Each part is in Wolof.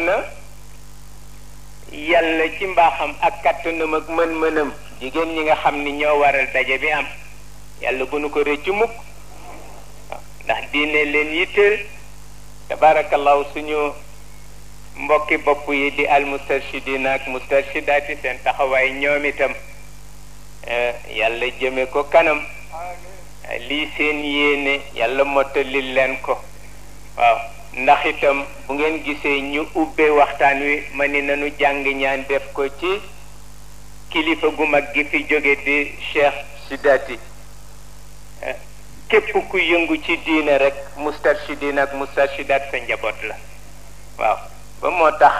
na yàlla ci mbaaxam ak kattanam ak mën-mënam jigéen ñi nga xam ni ñoo waral daje bi am yàlla bu nu ko rëcc mukk ndax diine leen yitteel tabarakallahu suñu mbokki bopp yi di al mustarshidina ak mustarshidaati seen taxawaay ñoom itam eh, yàlla jëme ko kanam lii seen yéene yàlla mottali leen ko waaw ndax itam bu ngeen gisee ñu ubbee waxtaan wi ma ni nañu jàng ñaan def ko ci kilifa gu mag gi fi jóge di Cheikh Sidati eh, képp ku yëngu ci diine rek mustarshidin ak mustarshidaat sa njaboot la waaw ba moo tax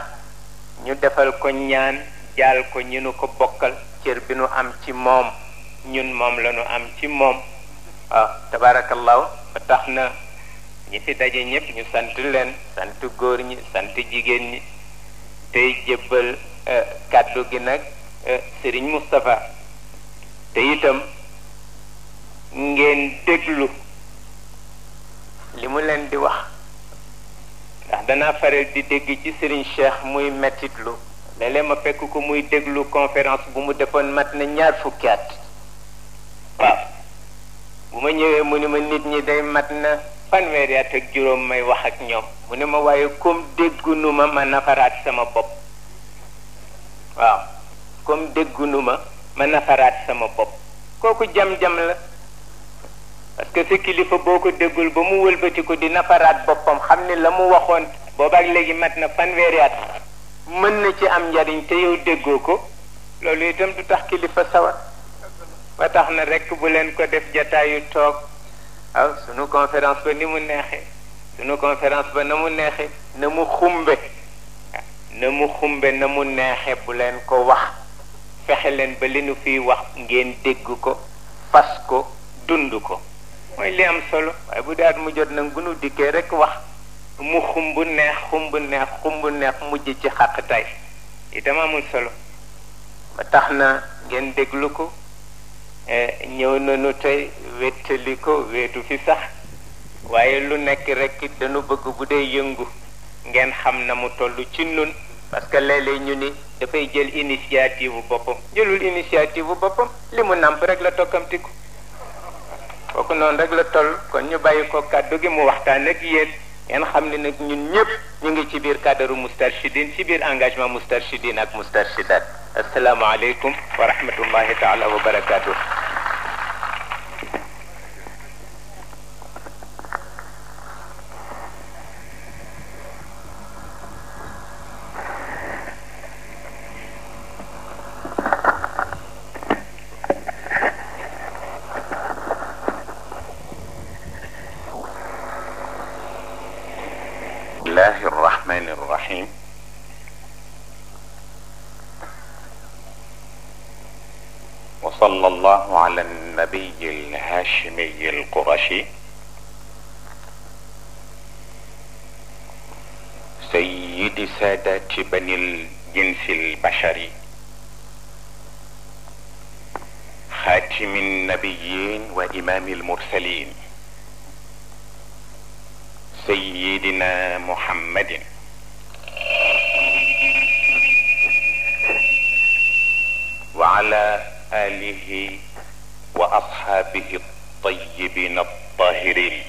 ñu defal ko ñaan jaal ko ñu nu ko bokkal cër bi nu am ci moom ñun moom la am ci moom waaw tabarakallahu ba tax na ñi fi daje ñëpp ñu sant leen sant góor ñi sant jigéen ñi tey jébbal euh, kàddu gi nag euh, sëriñ Moustapha te itam ngeen déglu li mu leen di wax ndax danaa faral di dégg ci sëriñ Cheikh muy mettitlu léeg-léeg ma fekk ko muy déglu conférence bu mu defoon mat na ñaar fukki at waaw bu ma ñëwee mu ni ma nit ñi day mat na fanweeri at ak juróom may wax ak ñoom mu ne ma waaye comme déggunu ma ma nafaraat sama bopp waaw comme déggunu ma ma nafaraat sama bopp kooku jam-jam la parce que sa kilifa boo ko déggul ba mu wëlbati ko di nafaraat boppam xam ne la mu waxoon boobaak léegi mat na fanweeri mën na ci am njariñ te yow déggoo ko loolu itam du tax kilifa sawar ba tax na rekk bu leen ko def jataayu toog waaw sunu conférence ba ni mu neexee sunu conférence ba na mu neexee na mu xumbe na mu xumbe na mu neexe bu leen ko wax fexe leen ba li nu fiy wax ngeen dégg ko fas ko dund ko mooy li am solo waaye bu daat mu jot nag bu nu dikkee rekk wax mu xumb neex xumb neex xumb neex mujj ci xàq tay itam amul solo ba tax na ngeen déglu ko E, ñëw na nañu tey wettali ko weetu fi sax waaye lu nekk rek dañu bëgg bu dee yëngu ngeen xam na mu toll ci nun parce que léeg ñu ni dafay jël initiative bu boppam jëlul initiative bu boppam li mu nàmp rek la tokkamtiku kooku noonu rek la toll kon ñu bàyyi ko kàddu gi mu waxtaan ak yéen ngeen xam ne nag ñun ñëpp ñu ngi ci biir cadre Moustarchidine ci biir engagement Moustarchidine ak Moustarchidat asalaamaaleykum wa rahmatullahi taala wa barakaatu. صلى الله على النبي الهاشمي القرشي سيد سادة بني الجنس البشري خاتم النبيين وإمام المرسلين سيدنا محمد وأصحابه الطيبين الطاهرين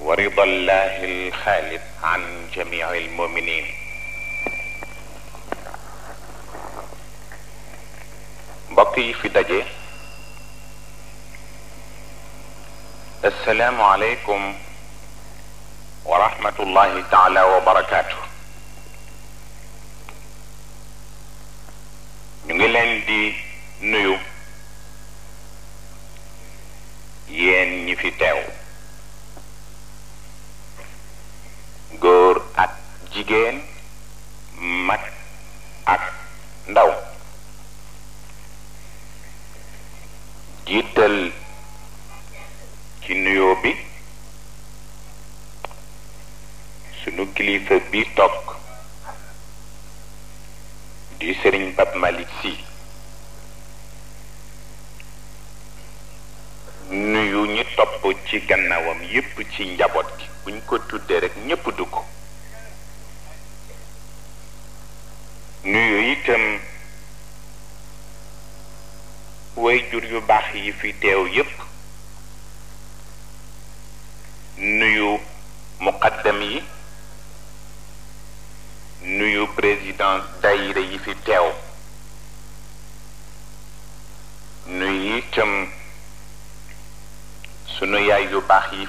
ورضا الله الخالد عن جميع المؤمنين بقي في دجه السلام عليكم ورحمة الله تعالى وبركاته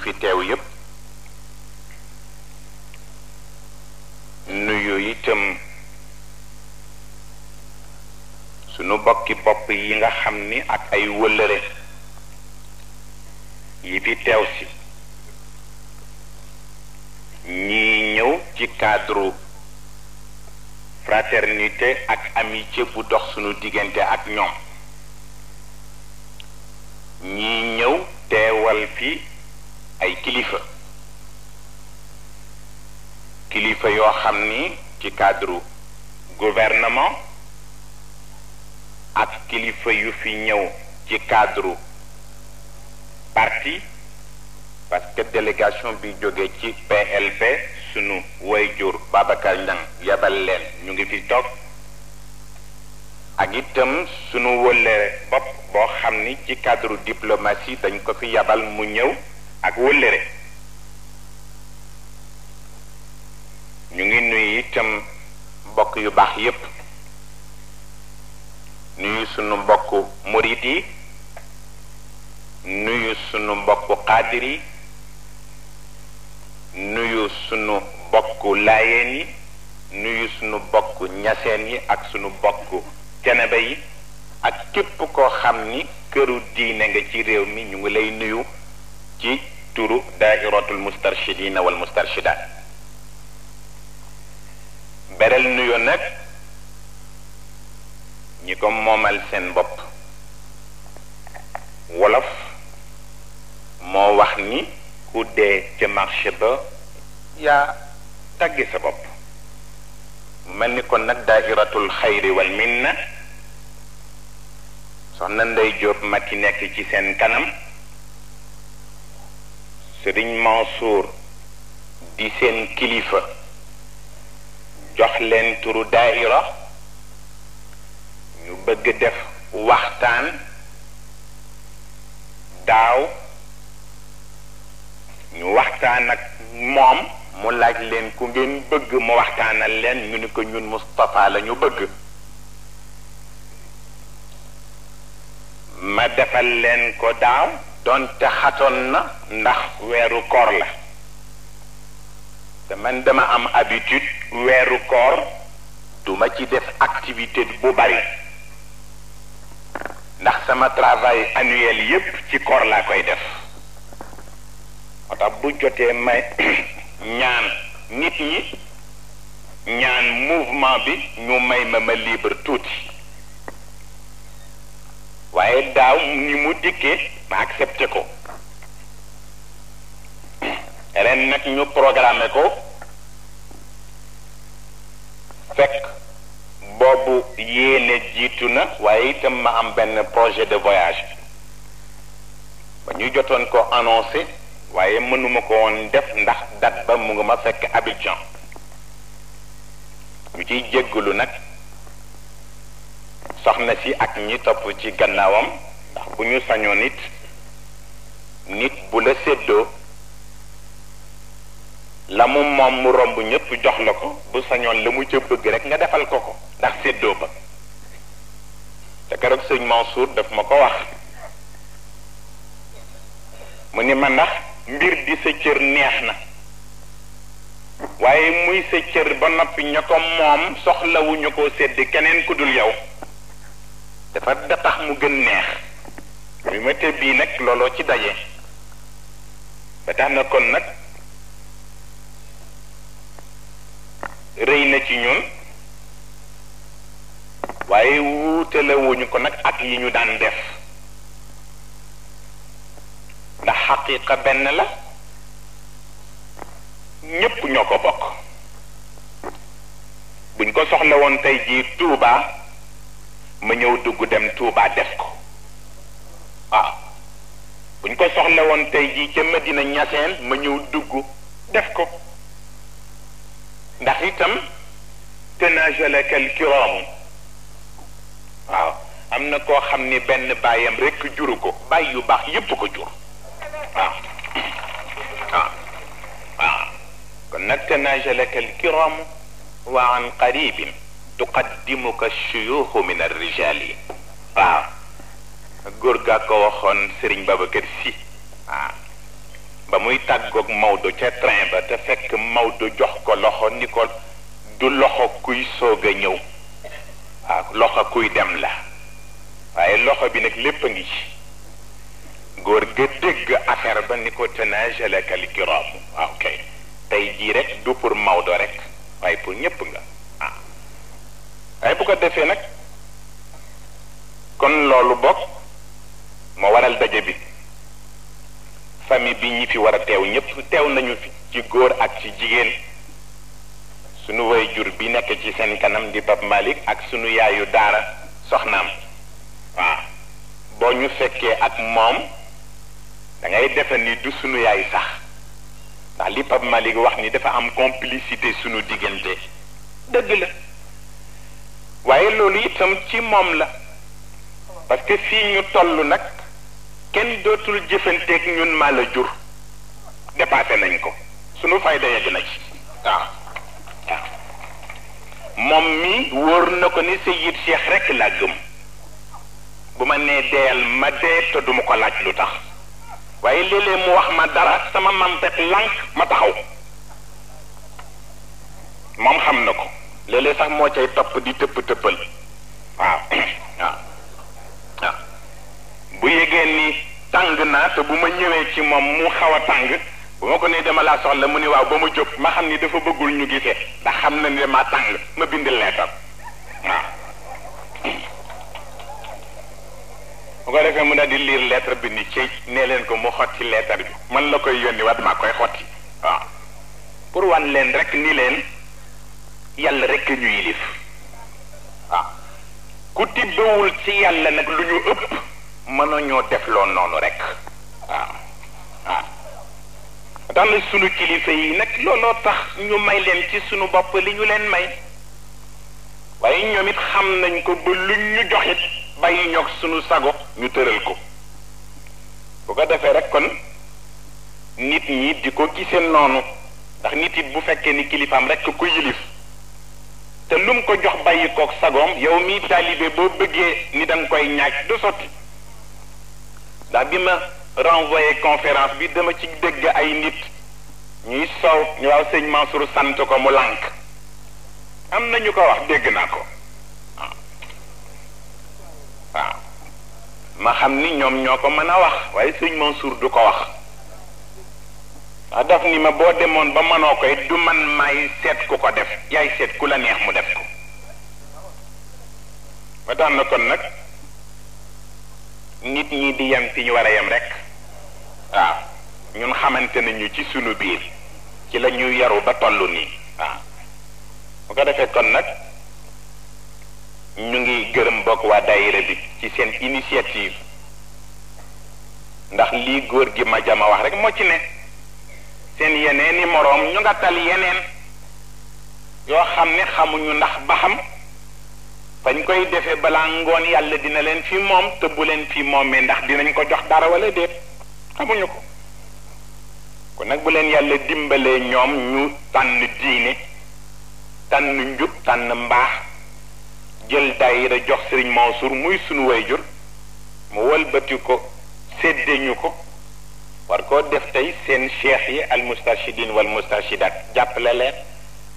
fi teew yépp nuyu itam sunu bokki bopp yi nga xam ni ak ay wëllëre yi fi teew si ñii ñëw ci cadre fraternité ak amitié bu dox sunu diggante ak ñoom ñii ñëw teewal fi ay kilifa kilifa yoo cadre gouvernement ak kilifa yu fi ci cadre parti parce que délégation bi la PLP sunu Babacar yabal leen ñu ngi fi ak sunu cadre diplomatie dañ yabal ak wëllëre ñu ngi nuyu itam bokk yu baax yépp nuyu sunu mbokk murit yi nuyu sunu mbokk xaadir yi nuyu sunu mbokk laayeen yi nuyu sunu mbokk ñaseen yi ak sunu mbokk ceneba yi ak képp koo xam ni këru diine nga ci réew mi ñu ngi lay nuyu ci turu daairatul mustarshidina wal mustarshidaat beral nuyo nag ñi ko moomal seen bopp wolof moo wax ni ku dee ca marché ba yaa tàgge sa bopp mel ni kon nag daairatul xayri wal minna soxna ndey jóob ma ki nekk ci seen kanam sëriñ Mansour di seen kilifa jox leen turu daaira ñu bëgg def waxtaan daaw ñu waxtaan ak moom mu laaj leen ku ngeen bëgg mu waxtaanal leen ñu ni ko ñun Moustapha la ñu bëgg ma defal leen ko daaw donte xatoon na ndax weeru koor la te man dama am habitude weeru koor ci def activité bu bari sama travail annuel yépp ci koor laa koy def bu jotee may ñaan nit ñi ñaan mouvement bi ñu may ma waaye daaw ni mu dikkee ma accepté ko ren nag ñu programmé ko fekk boobu yéene jiitu na waaye itam ma am benn projet de voyage ba ñu jotoon ko annoncé waaye mënuma ko woon def ndax date ba mu nga ma fekk Abidjan mu ciy jéggalu nag soxna si ak ñi topp ci gannaawam ndax bu ñu sañoon it nit bu la séddoo la mu moom mu romb ñépp jox la ko bu sañoon la mu ca bëgg rek nga defal ko ko ndax séddoo ba te keroog sëñ Mansour ma ko wax mu ni ma ndax mbir di sa cër neex na waaye muy sa cër ba noppi ña ko moom soxlawuñu ko sédd keneen ku dul yow dafa datax mu gën neex rumete bii nag looloo ci daje ba tax na kon nag rëy na ci ñun waaye wuutalewuñu ko nag ak yi ñu daan def ndax xaqiqa benn la ñépp ñoo ko bokk buñ ko soxla woon tey jii Tuubaa ma ñëw dugg dem Touba def ko waaw buñ ko soxla woon tey jii ca Medina Ñaseen ma ñëw dugg def ko ndax itam tanajalaka alkiraamu waaw am na koo xam ni benn bàyyam rekk juru ko bàyyi yu baax yépp ko jur waaw waaw waaw kon nag tanajalaka alkiraamu wa an qaribin tuqaddimuka shuyuuxu min ar-rijaal yi waaw góor gaa ko waxoon Serigne Babacar Sy waaw ba muy tàggoog Maodo ca train ba te fekk Maodo jox ko loxo ni ko du loxo kuy soog ñëw waaw loxo kuy dem la waaye loxo bi nag lépp a ngi ci góor ga dégg affaire ba ni ko tanajalaka al-kiraam waaw kay tey jii rek du pour Maodo rek waaye pour ñépp nga waaye bu ko defee nag kon loolu bokk moo waral daje bi famille bi ñi fi war a teew ñëpp teew nañu fi ci góor ak ci jigéen sunu way jur bi nekk ci seen kanam di malik ak sunu yaayu daara soxnaam waaw boo ñu fekkee ak moom da defe ni du sunu yaay sax ndax li Pape wax ni dafa am complicité sunu diggante dëgg la waaye loolu itam ci moom la parce fii ñu toll nag kenn dootul jëfanteeg ñun maa la jur dépassé nañ ko sunu fayda yegg na ci waaw waaw moom mi wóor na ko ni Seyid Cheikh rekk laa gëm bu ma nee deyal ma dee te duma ko laaj lu tax waaye léeg-léeg mu wax ma dara sama mam rek lànk ma taxaw moom xam na ko léeg sax moo cay topp di tëpp tëppal waaw waaw waaw bu yégeen ni tàng naa te bu ma ñëwee ci moom mu xaw a tàng bu ma ko ne dama laa soxla mu ni waaw ba ma jóg ma xam ni dafa bëggul ñu gisee ndax xam na ni dama tàng ma bind leetar waaw bu ko defee mu daal di liir lettre bi ni ci nee leen ko mu xotti leetar bi man la koy yónni waat maa koy xotti waaw pour wan leen rek ni leen yàlla rek ñu yilif ah ku tibbewul ci yàlla nag lu ñu ëpp mënoo ñoo def loo noonu rek waaw ah tax ah. sunu kilifa yi nag looloo tax ñu may leen ci sunu bopp li ñu leen may waaye ñoom it xam nañ ko ba luñ joxit bàyyi ñoog sunu sago ñu tëral ko bu ko defee rek kon nit ñi di ko ndax nit bu ni kilifaam rek ko te lu mu ko jox bàyyi kook sagoom yow mii taalibe boo bëggee ni da koy ñaaj du sotti ndax bi ma renvoyé conférence bi dama ci dégg ay nit ñuy soow ñu waaw sëñ Mansour sant ko mu lànk am na ñu ko wax dégg naa ko waaw ma xam ni ñoom ñoo ko mën a wax waaye sëñ Mansour du ko wax daf ni ma boo demoon ba mënoo koy du man may seet ku ko def yaay seet ku la neex mu def ko ma tax na kon nag nit ñi di yem fi ñu war rek waaw ñun xamante nañu ci sunu biir ci la ñu yaru ba toll nii waaw bu ko defee kon nag ñu ngi gërëm bokk waa daayira bi ci seen initiative ndax lii góor gi ma jama wax rek moo ci ne seen yeneen i moroom ñu nga tal yeneen yoo xam ne xamuñu ndax baxam fañ koy defee balaa ngoon yàlla dina leen fi moom te bu leen fi moomee ndax dinañ ko jox dara wala déet xamuñu ko kon nag bu leen yàlla dimbalee ñoom ñu tànn diine tànn njub tànn mbaax jël daayira jox Sëriñ Mansour muy sunu wayjur mu wëlbati ko séddee ko war koo def tay sen cheikh yi al mustashidin wal mustashidat jàppale le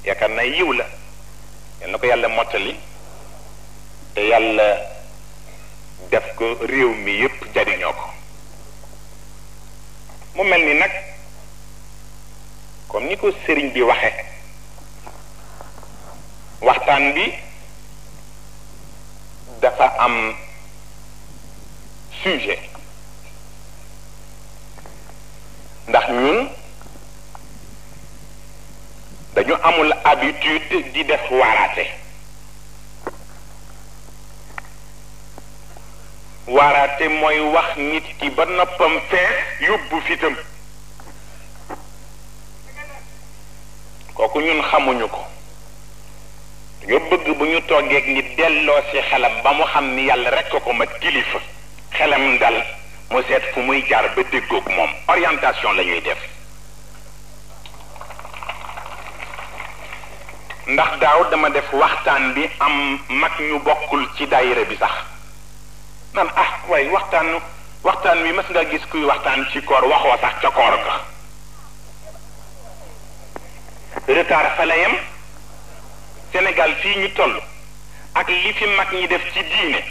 yaakaar na yiw la yal na yàlla motali te yàlla def ko rew mi yep jariñoo ko mu melni nak comme niko serigne bi waxe waxtan bi dafa am sujet ndax ñun dañu amul habitude di def waaraate waaraate mooy wax nit ki ba noppam fee yóbbu fitam kooku ñun xamuñu ko dañoo bëgg bu ñu toggeeg nit delloo ci xelam ba mu xam ni yàlla rekk ko ma kilifa xelam dal mu seet fu muy jaar ba déggoog moom orientation la def ndax daaw dama def waxtaan bi am mag ñu bokkul ci daayira bi sax naan ah waaye waxtaan waxtaan wi mas nga gis kuy waxtaan ci koor waxoo sax ca koor ga retard fa la fii ñu toll ak li fi mag ñi def ci diine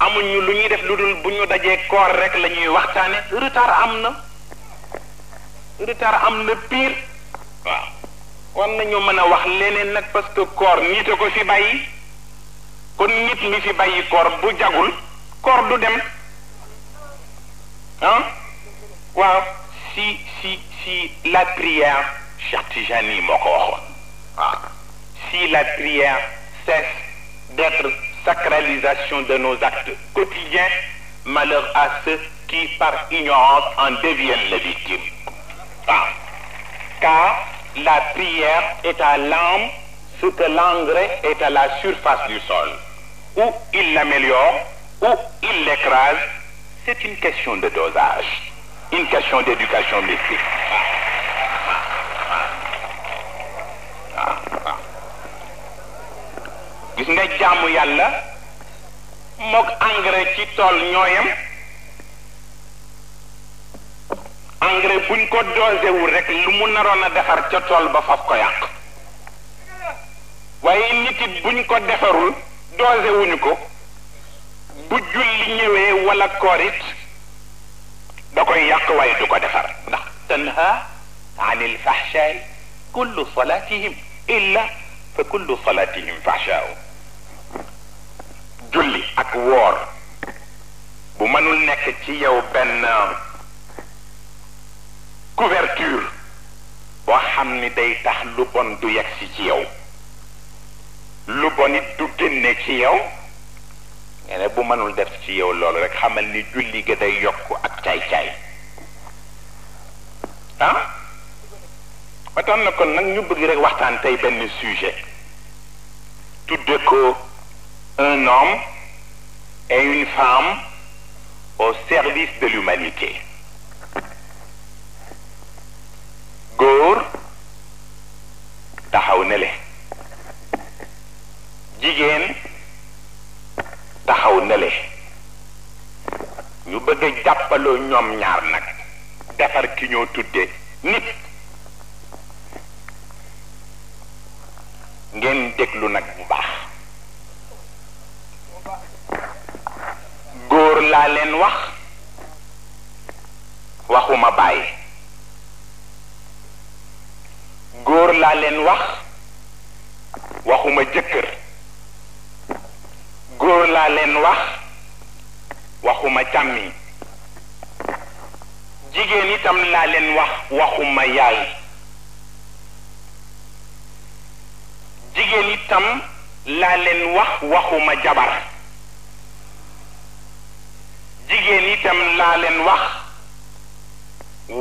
amuñu luñuy def lu buñu dajé koor rek lañuy ñuy retard amna retard amna pire waaw kon nañu mëna wax leneen nak parce que koor nité ko fi bayyi kon nit mi fi bayyi koor bu jagul koor du dem ah waaw si si si la prière Cheikh Tijani moo si la prière cesse d'être sacralisation de nos actes quotidiens, malheur à ceux qui, par ignorance, en deviennent les victimes. Ah. Car la prière est à l'âme ce que l'engrais est à la surface du sol. Ou il l'améliore, ou il l'écrase. C'est une question de dosage, une question d'éducation mystique. gis nga jaamu yàlla moog engrais ci tool ñooyam engrais buñ ko wu rek lu mu naroon a defar ca tool ba faf ko yàq waaye nit it buñ ko defarul dosewuñu ko bu julli ñëwee wala korit da koy yàq waaye du ko defar ndax tanha عن الفحشاء كل صلاتهم إلا فكل صلاتهم فحشاء ak woor bu mënul nekk ci yow benn couverture boo xam ni day tax lu bon du yegsi ci yow lu bon it du génne ci yow ne bu mënul def ci yow loolu rek xamal ni julli ga day yokk ak caay-caay ah ba na kon nag ñu bëgg rek waxtaan tey benn sujet tudde ko un homme est une femme au service de l'humanité góor taxaw ne le jigéen taxaw ne ñu bëgg a jàppaloo ñoom ñaar nag defar ki ñoo tudde nit ngeen déglu nag bu baax góor laa leen wax waxuma bàyyi góor laa leen wax waxuma jëkkër góor laa leen wax waxuma càmmiñ jigéen laa leen wax waxuma yaay jigéen laa leen wax waxuma jabar jigéen itam laa leen wax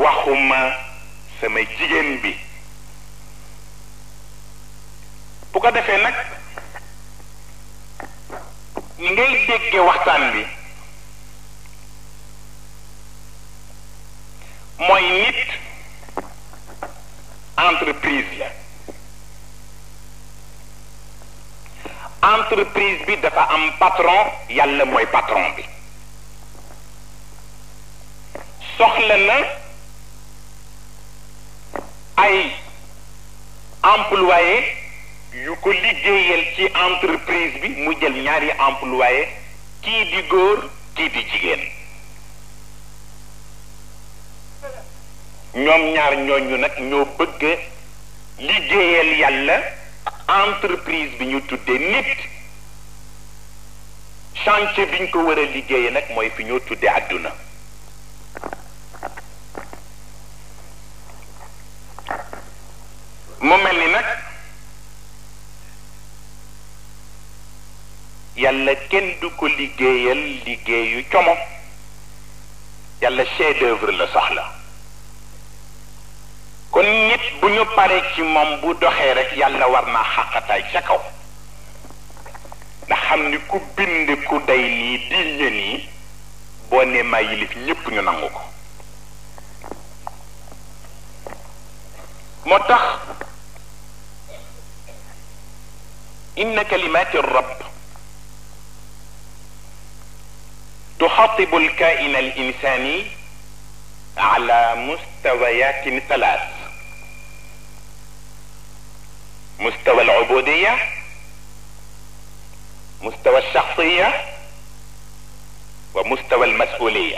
waxuma sama jigéen bi bu ko defee nag ni déggee waxtaan bi mooy nit entreprise la entreprise bi dafa am patron yàlla mooy patron bi soxla na ay employé yu ko liggéeyal ci entreprise bi mu jël ñaari employé kii di góor kii di jigéen ñoom ñaar ñooñu nag ñoo bëgg liggéeyal yàlla entreprise bi ñu tuddee nit chantier bi ñu ko war a liggéeyee nag mooy fi ñoo tuddee àdduna mu mel ni nag yàlla kenn du ko liggéeyal liggéeyu como yàlla chef d'œuvre la soxla kon nit bu ñu paree ci moom bu doxee rek yàlla war naa xàqataay ca kaw ndax ni ku bind ku day nii diñ la nii boo nee yilif ñépp ñu nangu ko moo tax ان كلمات الرب تخاطب الكائن الانساني على مستويات ثلاث مستوى العبوديه مستوى الشخصيه ومستوى المسؤوليه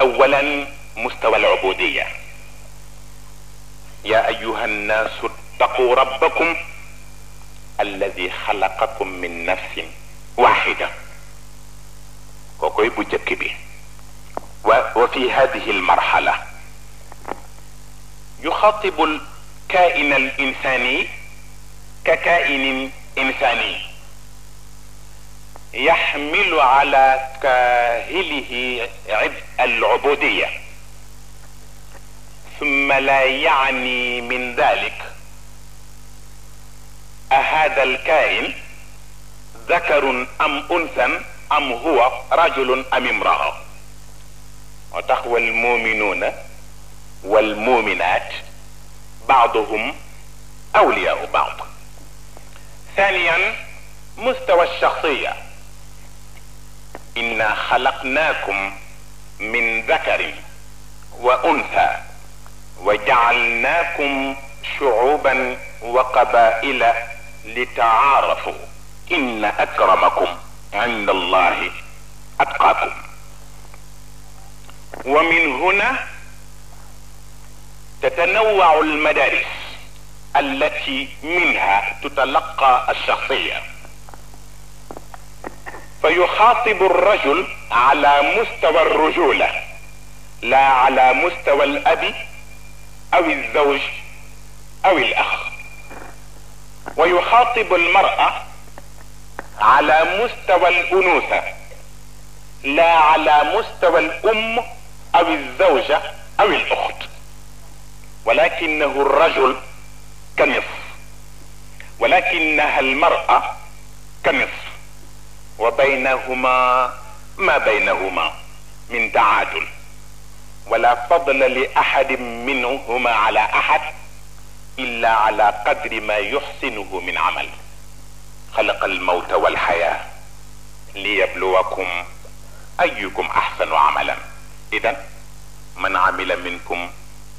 اولا مستوى العبوديه يا ايها الناس اتقوا ربكم الذي خلقكم من نفس واحده وكوي به وفي هذه المرحله يخاطب الكائن الانساني ككائن انساني يحمل على كاهله عبء العبوديه ثم لا يعني من ذلك أهذا الكائن ذكر أم أنثى أم هو رجل أم امرأة وتقوى المؤمنون والمؤمنات بعضهم أولياء بعض ثانيا مستوى الشخصية إنا خلقناكم من ذكر وأنثى وجعلناكم شعوبا وقبائل لتعارفوا إن أكرمكم عند الله أتقاكم ومن هنا تتنوع المدارس التي منها تتلقى الشخصية فيخاطب الرجل على مستوى الرجولة لا على مستوى الأب أو الزوج أو الأخ ويخاطب المرأة على مستوى الأنوثة لا على مستوى الأم أو الزوجة أو الأخت ولكنه الرجل كنصف ولكنها المرأة كنصف وبينهما ما بينهما من تعادل ولا فضل لأحد منهما على أحد الا على قدر ما يحسنه من عمل خلق الموت والحياه ليبلوكم ايكم احسن عملا اذا من عمل منكم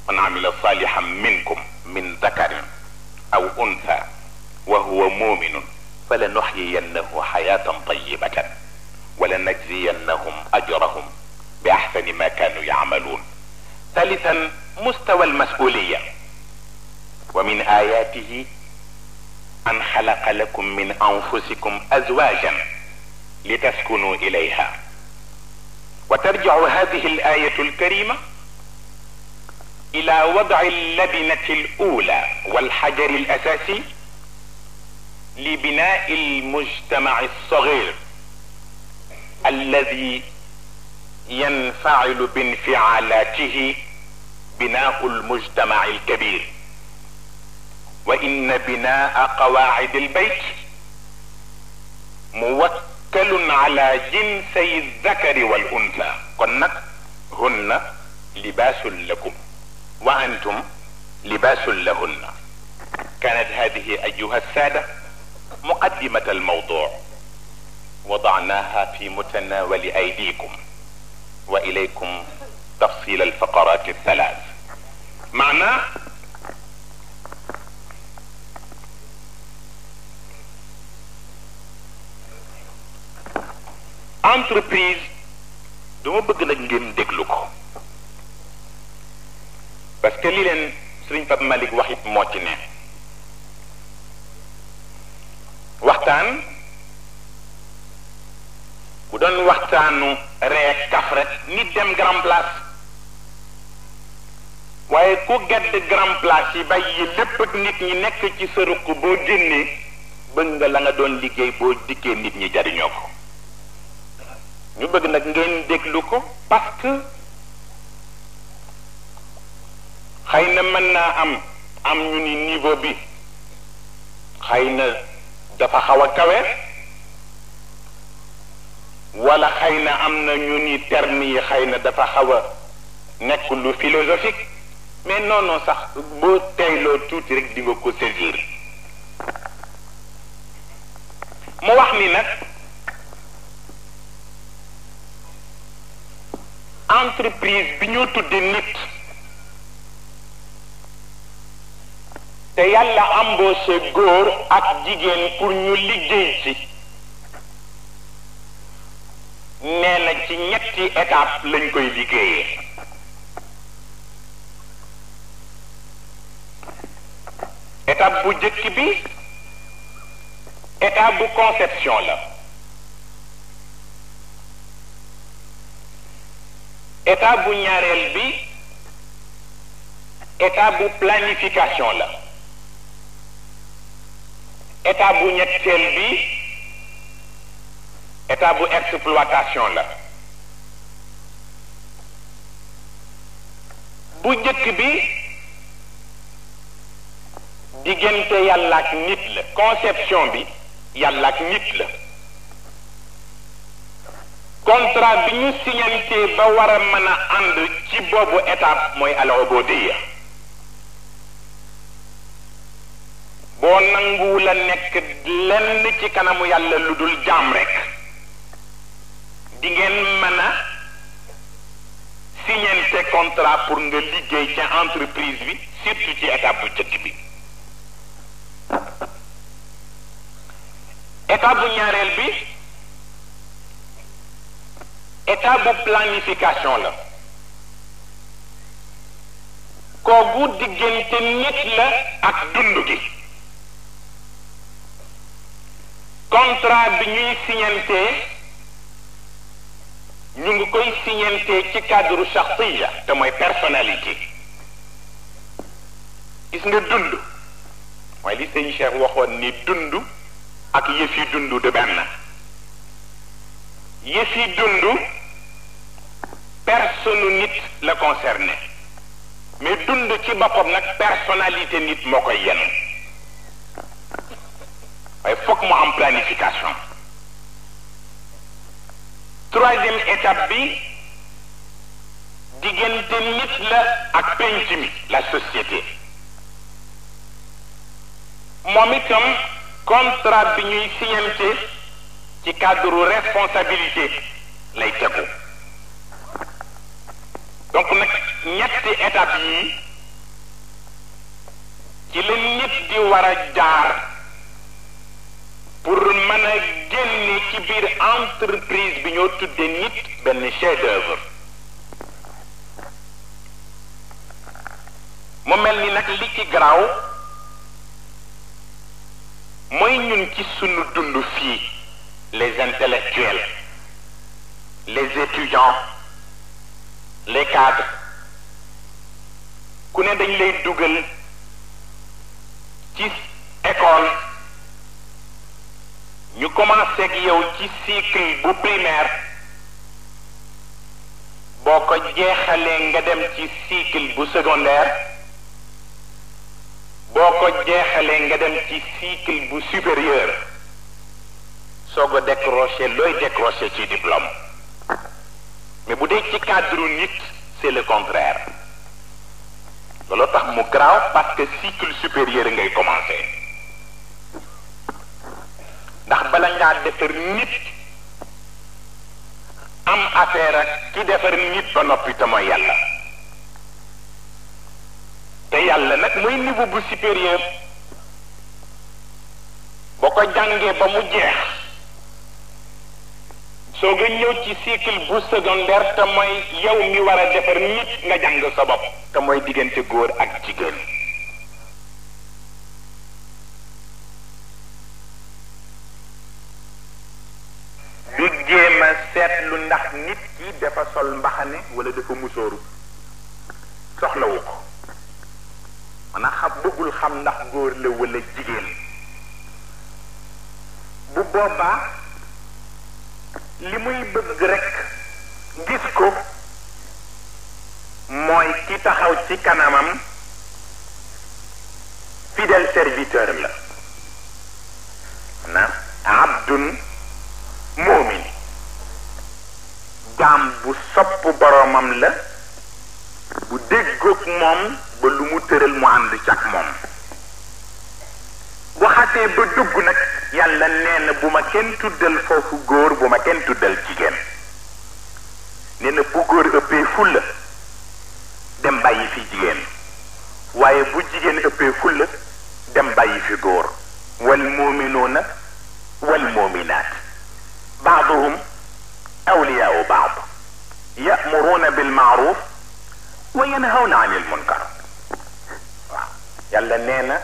من عمل صالحا منكم من ذكر او انثى وهو مؤمن فلنحيينه حياه طيبه ولنجزينهم اجرهم باحسن ما كانوا يعملون ثالثا مستوى المسؤوليه ومن آياته أن خلق لكم من أنفسكم أزواجا لتسكنوا إليها وترجع هذه الآية الكريمة إلى وضع اللبنة الأولى والحجر الأساسي لبناء المجتمع الصغير الذي ينفعل بانفعالاته بناء المجتمع الكبير وان بناء قواعد البيت موكل على جنسي الذكر والانثى قلنا هن لباس لكم وانتم لباس لهن كانت هذه ايها الساده مقدمه الموضوع وضعناها في متناول ايديكم واليكم تفصيل الفقرات الثلاث معناه entreprise dama bëgg nag ngeen déglu ko parce que li leen sëriñ Pape Malick wax it moo ci ne waxtaan bu doon waxtaanu ree kaf nit dem grand place waaye ku gedd grand place yi bàyyi lépp ak nit ñi nekk ci sa ruq boo génnee bëgg nga la nga doon liggéey boo dikkee nit ñi jariñoo ko ñu bëgg nag ngeen déglu ko parce que na mën naa am am ñu ni niveau bi xëy na dafa xaw a kawe wala xëy na am na ñu ni terme yi xëy na dafa xaw a nekk lu philosophique mais noonu non sax boo teyloo tuuti rek di ko saisir mu wax ni nag entreprise bi ñu tuddi nit te yàlla embauché góor ak jigéen pour ñu liggéey ci nee na ci ñetti étape lañ koy liggéeyee étape bu jëkk bi étape bu conception la Eta bou nyarel bi, eta bou planifikasyon la. Eta bou nyeksel bi, eta bou eksploatasyon la. Boudyek bi, digente yal lak nitle. Konsepsyon bi, yal lak nitle. contrat bi ñu signante ba war a mën a ànd ci boobu étape mooy al ubudiyya boo nanguwul a nekk lenn ci kanamu yàlla lu dul jaam rekk di ngeen mën a signante contrat pour nga liggéey ci entreprise bi surtout ci étape jëkk bi étape ñaareel bi état bu planification la kooku diggante nit la ak dund gi contrat bi ñuy signantee ñu ngi koy signantee ci cadre shakhsiya te mooy personnalité gis nga dund mooy li waxoon ni dund ak yëf yi dund du benn yëf yi dund personne nit le concerné mais dund ci bopam nak personnalité nit moo Il yenn que foog mu am planification troisième étape bi diggante nit la ak penc la société moom contrat bi ñuy signé ci cadre responsabilité lay l'État donc nak ñetti étape yi ci la nit di war a jaar pour mën a génn ci biir entreprise bi ñoo tudde nit benn chef d'œuvre mu mel ni nag li ci garaaw mooy ñun ci sunu dund fii les intellectuels les étudiants les ku ne dañ lay dugal ci école ñu commencé ak yow ci cycle bu primaire boo ko jeexalee nga dem ci cycle bu secondaire boo ko jeexalee nga dem ci cycle bu supérieur soo ko décroché looy décroché ci diplôme mais bu dee ci cadre nit c'est le contraire loolu tax mu graw parce que cycle supérieur ngay commencé ndax bala ngaa defar nit am affaire ak ki defar nit ba noppi te mooy yàlla te yàlla nag mooy niveau bu supérieur boo ko jàngee ba mu jeex soo nga ñëw ci cycle bu secondaire te mooy yow mi war a defar nit nga jàng sa bopp te mooy diggante góor ak jigéen du jéem seetlu ndax nit ki dafa sol mbaxane wala dafa musóoru soxlawu ko maanaam xam bëggul xam ndax góor la wala jigéen bu boobaa li muy bëgg rek gis ko mooy ki taxaw ci kanamam fidèle serviteur la naam abdun moomin jaam bu sopp boroomam la bu déggoog moom ba lu mu tëral mu ànd cak moom bu xasee ba dugg nag yàlla nee na bu ma kenn tuddal foofu góor bu ma kenn tuddal jigéen nee na bu góor ëppee fulla dem bàyyi fi jigéen waaye bu jigéen ëppee fulla dem bàyyi fi góor wal muuminuuna wal muuminaat baaduhum awliyaau baad yamuruuna bilmaaruf wa yanhawna anil munkar waaw yàlla nee na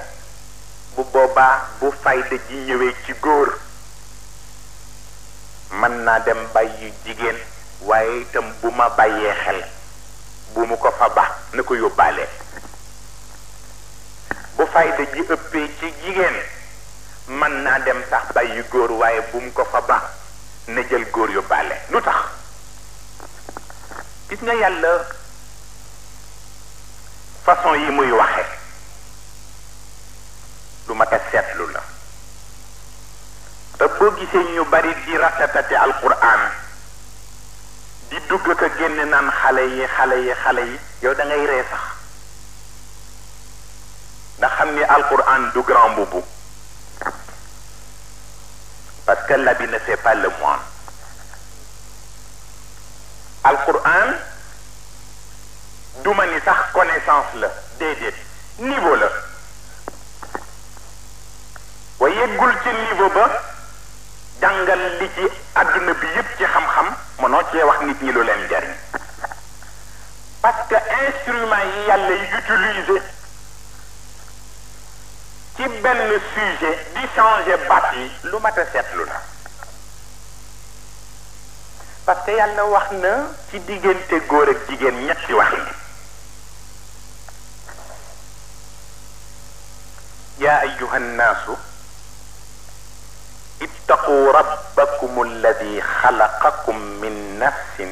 bu boobaa bu fayda ji ñëwee ci góor mën naa dem bàyyi jigéen waaye itam bu ma bàyyee xel bu mu ko fa baax na ko yóbbaale bu fayda ji ëppee ci jigéen mën naa dem sax bàyyi góor waaye bu mu ko fa baax na jël góor yóbbaale lu tax gis nga yàlla façon yi muy waxe ci sëñ yu bari di ratatate alquran di dugg ko génn naan xale yi xale yi xale yi yow da ngay ree sax ndax xam ni alquran du grand boubou parce que l'habit ne fait pas le moine alquran du ma ni sax connaissance la déedéet niveau la wa yeggul ci niveau ba jàngal li ci àdduna bi yëpp ci xam-xam mënoo cee wax nit ñi lu leen jariñ parce que instrument yi yàlla yi utiliser ci benn sujet di changer baat yi lu mat a seetlu la parce que yàlla wax na ci diggante góor ak jigéen ñetti wax yi yaa ayyuhan naasu اتقوا ربكم الذي خلقكم من نفس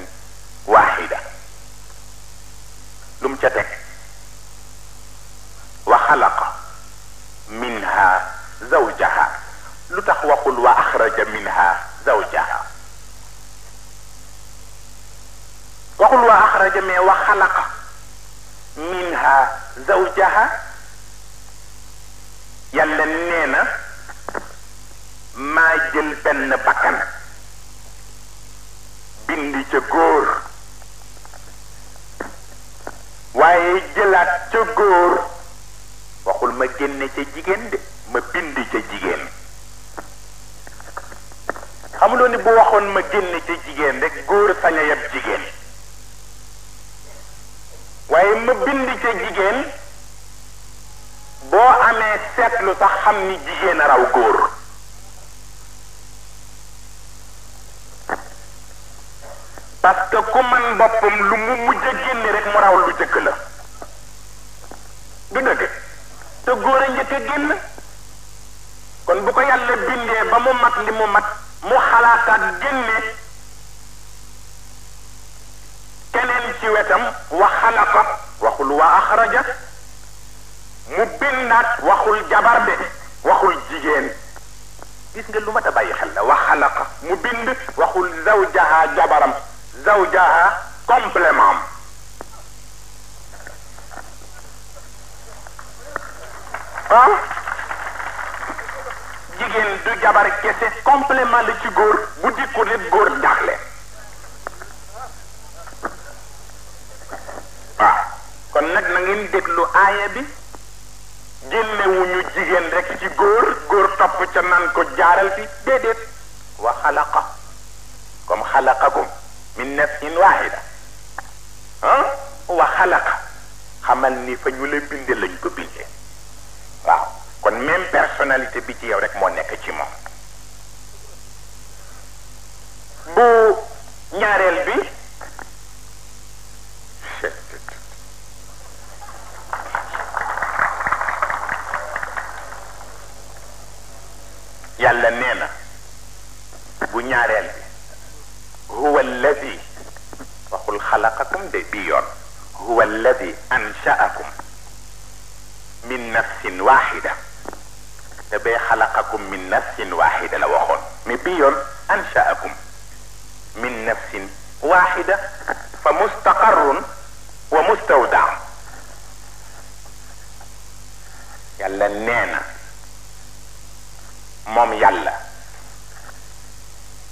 واحدة لم تتك وخلق منها زوجها لتخ وقل وأخرج منها زوجها وقل وأخرج من وخلق منها زوجها يلا نينا maa jël benn bakkan bind ca góor waaye jëlaat ca góor waxul ma génne ca jigéen de ma bind ca jigéen xamuloo ni bu waxoon ma génne ca jigéen rek góor sañ yab jigéen waaye ma bind ca jigéen boo amee seetlu sax xam ni jigéen a raw góor parce que ku man boppam lu mu mujj génne rek mu raw lu jëkk la du dëgg te góor a njëkk génn kon bu ko yàlla bindee ba mu mat li mu mat mu xalaataat génne keneen ci wetam wa xalaqa waxul wa mu bindaat waxul jabar de waxul jigéen gis nga lu mat a bàyyi xel la wa xalaqa mu bind waxul zawjaha jabaram zawjaha complément ah jigéen du jabar kese complément la ci góor bu dikku nit góor jaaxle waaw ah, kon nag na ngeen déglu aaya bi génnewuñu jigéen rek ci góor góor topp ca naan ko jaaral fi déedéet wa xalaqa comme xalaqakum من نفس واحدة ها وخلق خمال ني فنيو لي بيند لا نكو بيند واو كون ميم بيرسوناليتي بي تي ياو ريك مو نيك تي موم بو نياريل بي يالا نينا بو نياريل بي هو الذي خلقكم بيون هو الذي انشأكم من نفس واحدة تبي خلقكم من نفس واحدة لو أخون مبيون أنشأكم من نفس واحدة فمستقر ومستودع يلا نانا موم يلا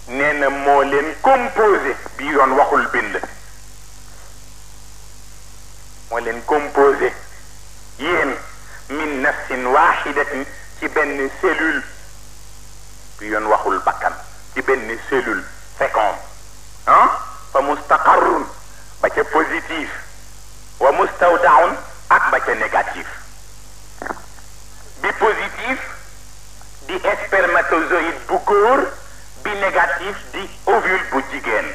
نانا مولين كومبوزي بيون وخل بند leen composé yéen min nafsin waaxidatin ci benn cellule bi yoon waxul bakkan ci benn cellule fécond ah fa mustaqarrun ba ca positif wa mustawdaun ak ba ca négatif bi positif di spermatozoïde bu góor bi négatif di ovule bu jigéen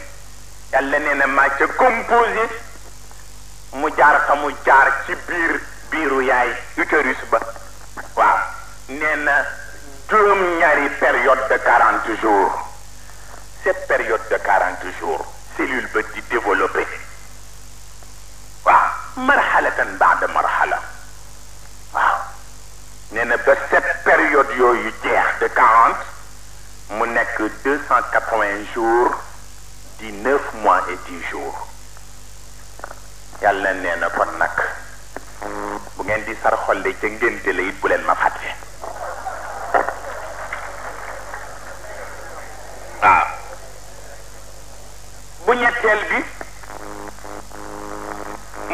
yàlla nee maa ca composé Il y a une période de 40 jours. Cette période de 40 jours, cellules développées. Il y a une période de 40 jours. Il y a une période de 40 jours. Il y a une période de 40. Il y a que 280 jours, 19 mois et 10 jours. yàlla nee na kon nag bu ngeen di sar xolle ca ngénte la bu leen ma fàtte bu ñetteel bi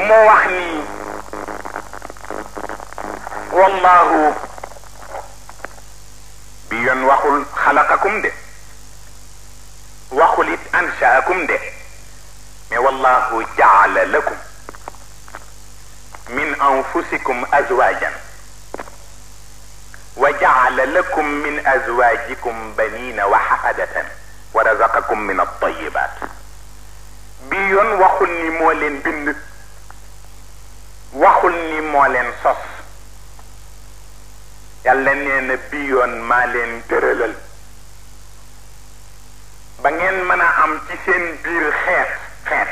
moo wax ni wallahu bi yoon waxul xalaqakum de waxul it anshaakum de mais wallahu jaala lakum انفسكم ازواجا وجعل لكم من ازواجكم بنين وحفدة ورزقكم من الطيبات بيون وخل مولين بند وخل مولين صف يالا نين بيون مالين ترلل بانين منا ام تسين بير خير خير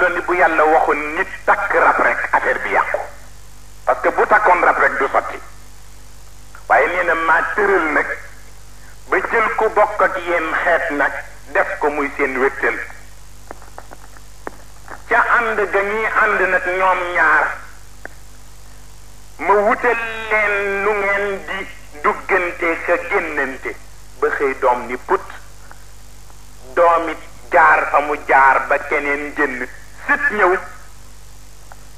jàppuloo ni bu yàlla waxu nit takk rab rek affaire bi yàqu parce que bu takkoon rab rek du sotti waaye nee na tëral nag ba jël ku bokk ak xeet nag def ko muy seen wéttal ca ànd ga ñuy ànd nag ñoom ñaar ma wutal leen lu ngeen di duggante génnante ba xëy doom ni put doom jaar fa jaar ba keneen génn sët ñëw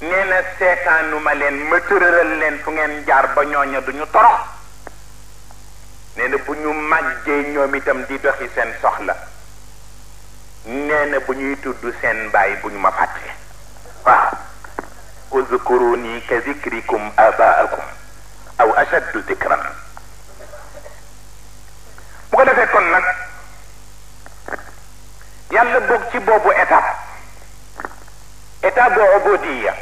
nee na seetaanuma leen ma tërëral leen fu ngeen jaar ba ñooña duñu torox nee na bu ñu ñoom itam di doxi seen soxla nee na bu tudd seen baay bu ñu ma fàtte waaw uzkuruni ka zikrikum abaakum aw ashaddu zikran bu ko defee kon nag yàlla boog ci boobu étape état bu ubudiyya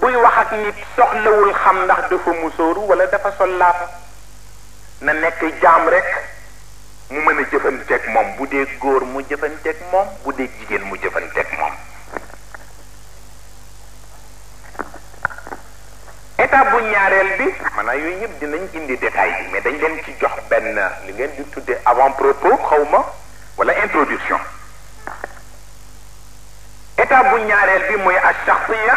buy wax ak nit soxlawul xam ndax dafa musóoru wala dafa sol laata na nekk jaam rek mu mën a jëfanteeg moom bu dee góor mu jëfanteeg moom bu dee jigéen mu jëfanteeg moom état bu ñaareel bi maanaam yooyu yëpp dinañ indi détail bi mais dañ leen ci jox benn li ngeen di tudde avant propos xaw ma wala introduction état bu ñaarel bi moy ak shaxsiya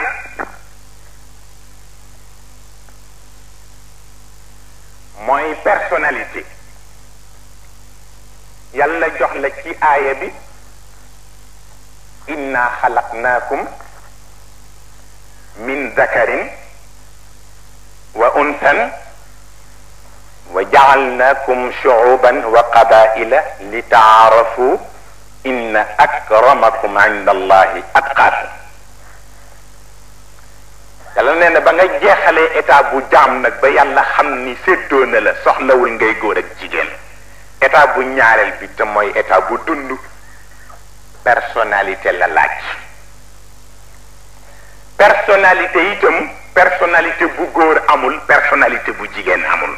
moy personnalité yàlla jox la ci aya bi inna khalaqnakum min dhakarin wa unthan وجعلناكم شعوبا وقبائل لتعارفوا إن أكرمكم عند الله أتقاكم yàlla nee na ba nga jeexalee état bu jaam nag ba yàlla xam ni séddoo na la soxlawul ngay góor ak jigéen état bu ñaareel bi te mooy état bu dund personnalité la laaj personnalité itam personnalité bu góor amul personnalité bu jigéen amul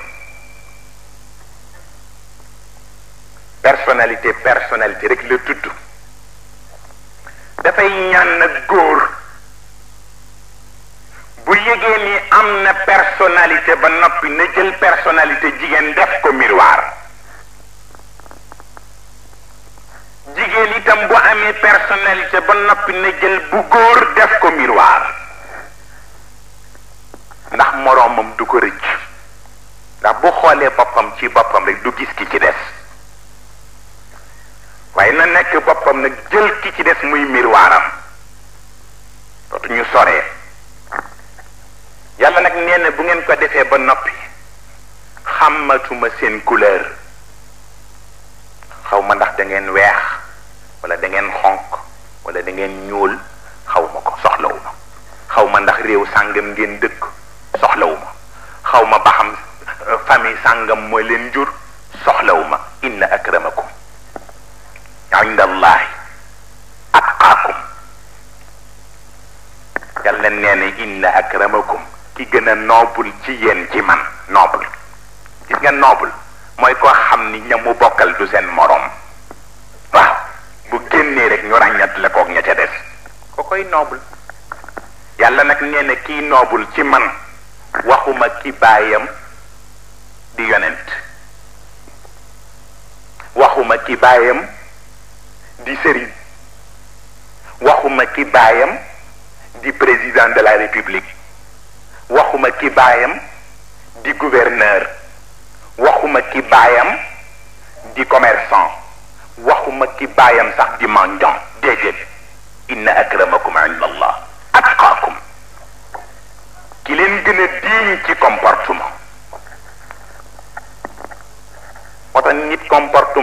personnalité personnalité tànn góor bu yëgee ni am na personnalité ba noppi na jël personnalité jigéen def ko miroir jigéen itam bu amee personnalité ba noppi na jël bu góor def ko miroir ndax moroomam du ko rëcc ndax bu xoolee boppam ci boppam rek du gis ki ci des waaye na nekk boppam nag jël ki ci des muy miroiram ko defee ba noppi xàmmatuma seen couleur xaw ma ndax da ngeen weex walla dangeen xonq wala dangeen ngeen ñuul xaw ma ko soxlawu ma xaw ma ndax réew sàngam ngeen dëkk soxlawu ma xaw ma ba xam euh, famille sàngam mooy leen jur soxlawu ma inna akramakum inda allahi atqaakum yàlla nee na inna akramakum ki gën a noble ci yéen ci man noobul gis nga noobul mooy koo xam ni ña bokkal du seen moroom waaw bu génnee rek ñu ràññat la kook ña ca des ko koy noble yàlla nag nee na kii noobul ci man waxuma ki baayam di yonent waxuma ki baayam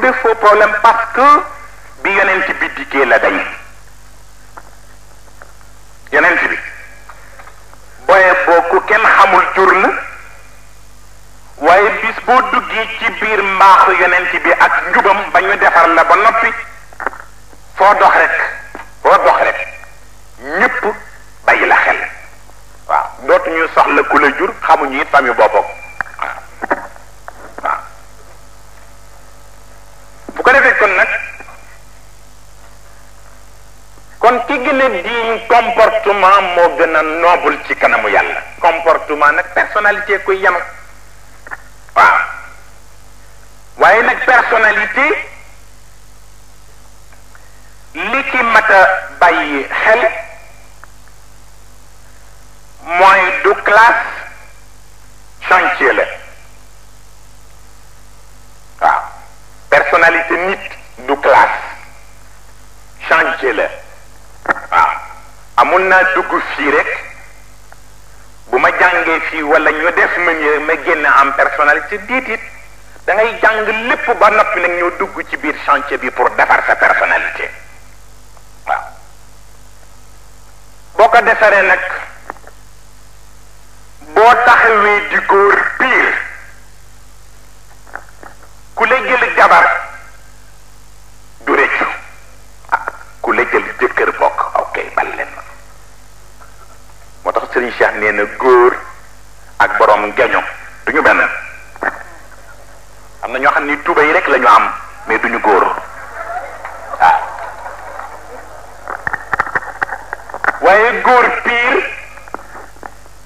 c'est de faux problème parce bi yonent bi dikkee la gañe yonent bi booye boo ku kenn xamul jur la waaye bis boo duggee ci biir mbaaxu yonent bi ak njubam ba ñu defar la ba noppi foo dox rek foo dox rek ñëpp bàyyi la xel waaw dootuñu soxla ku la jur xamuñu it famille boppam nekkoon nag kon ki gën a diiñ comportement moo gën a noble ci kanamu yàlla comportement nag personnalité koy yanu waaw waaye nag personnalité li ci mat a bàyyi xel mooy du classe chantier personnalité nit du classe changer la waaw amul ah. naa dugg fii rek bu ma jàngee wala ñu def ma ñu ma génn am personnalité ditit. da ngay jàng lépp ba noppi nag ñoo dugg ci biir chantier bi pour defar sa personnalité waaw boo ko defaree nag boo taxawee di góor pire ku lay jël jabar cheikh neena goor ak borom gaño duñu ben am ño xamni touba yi rek lañu am mais duñu goor waaw goor pir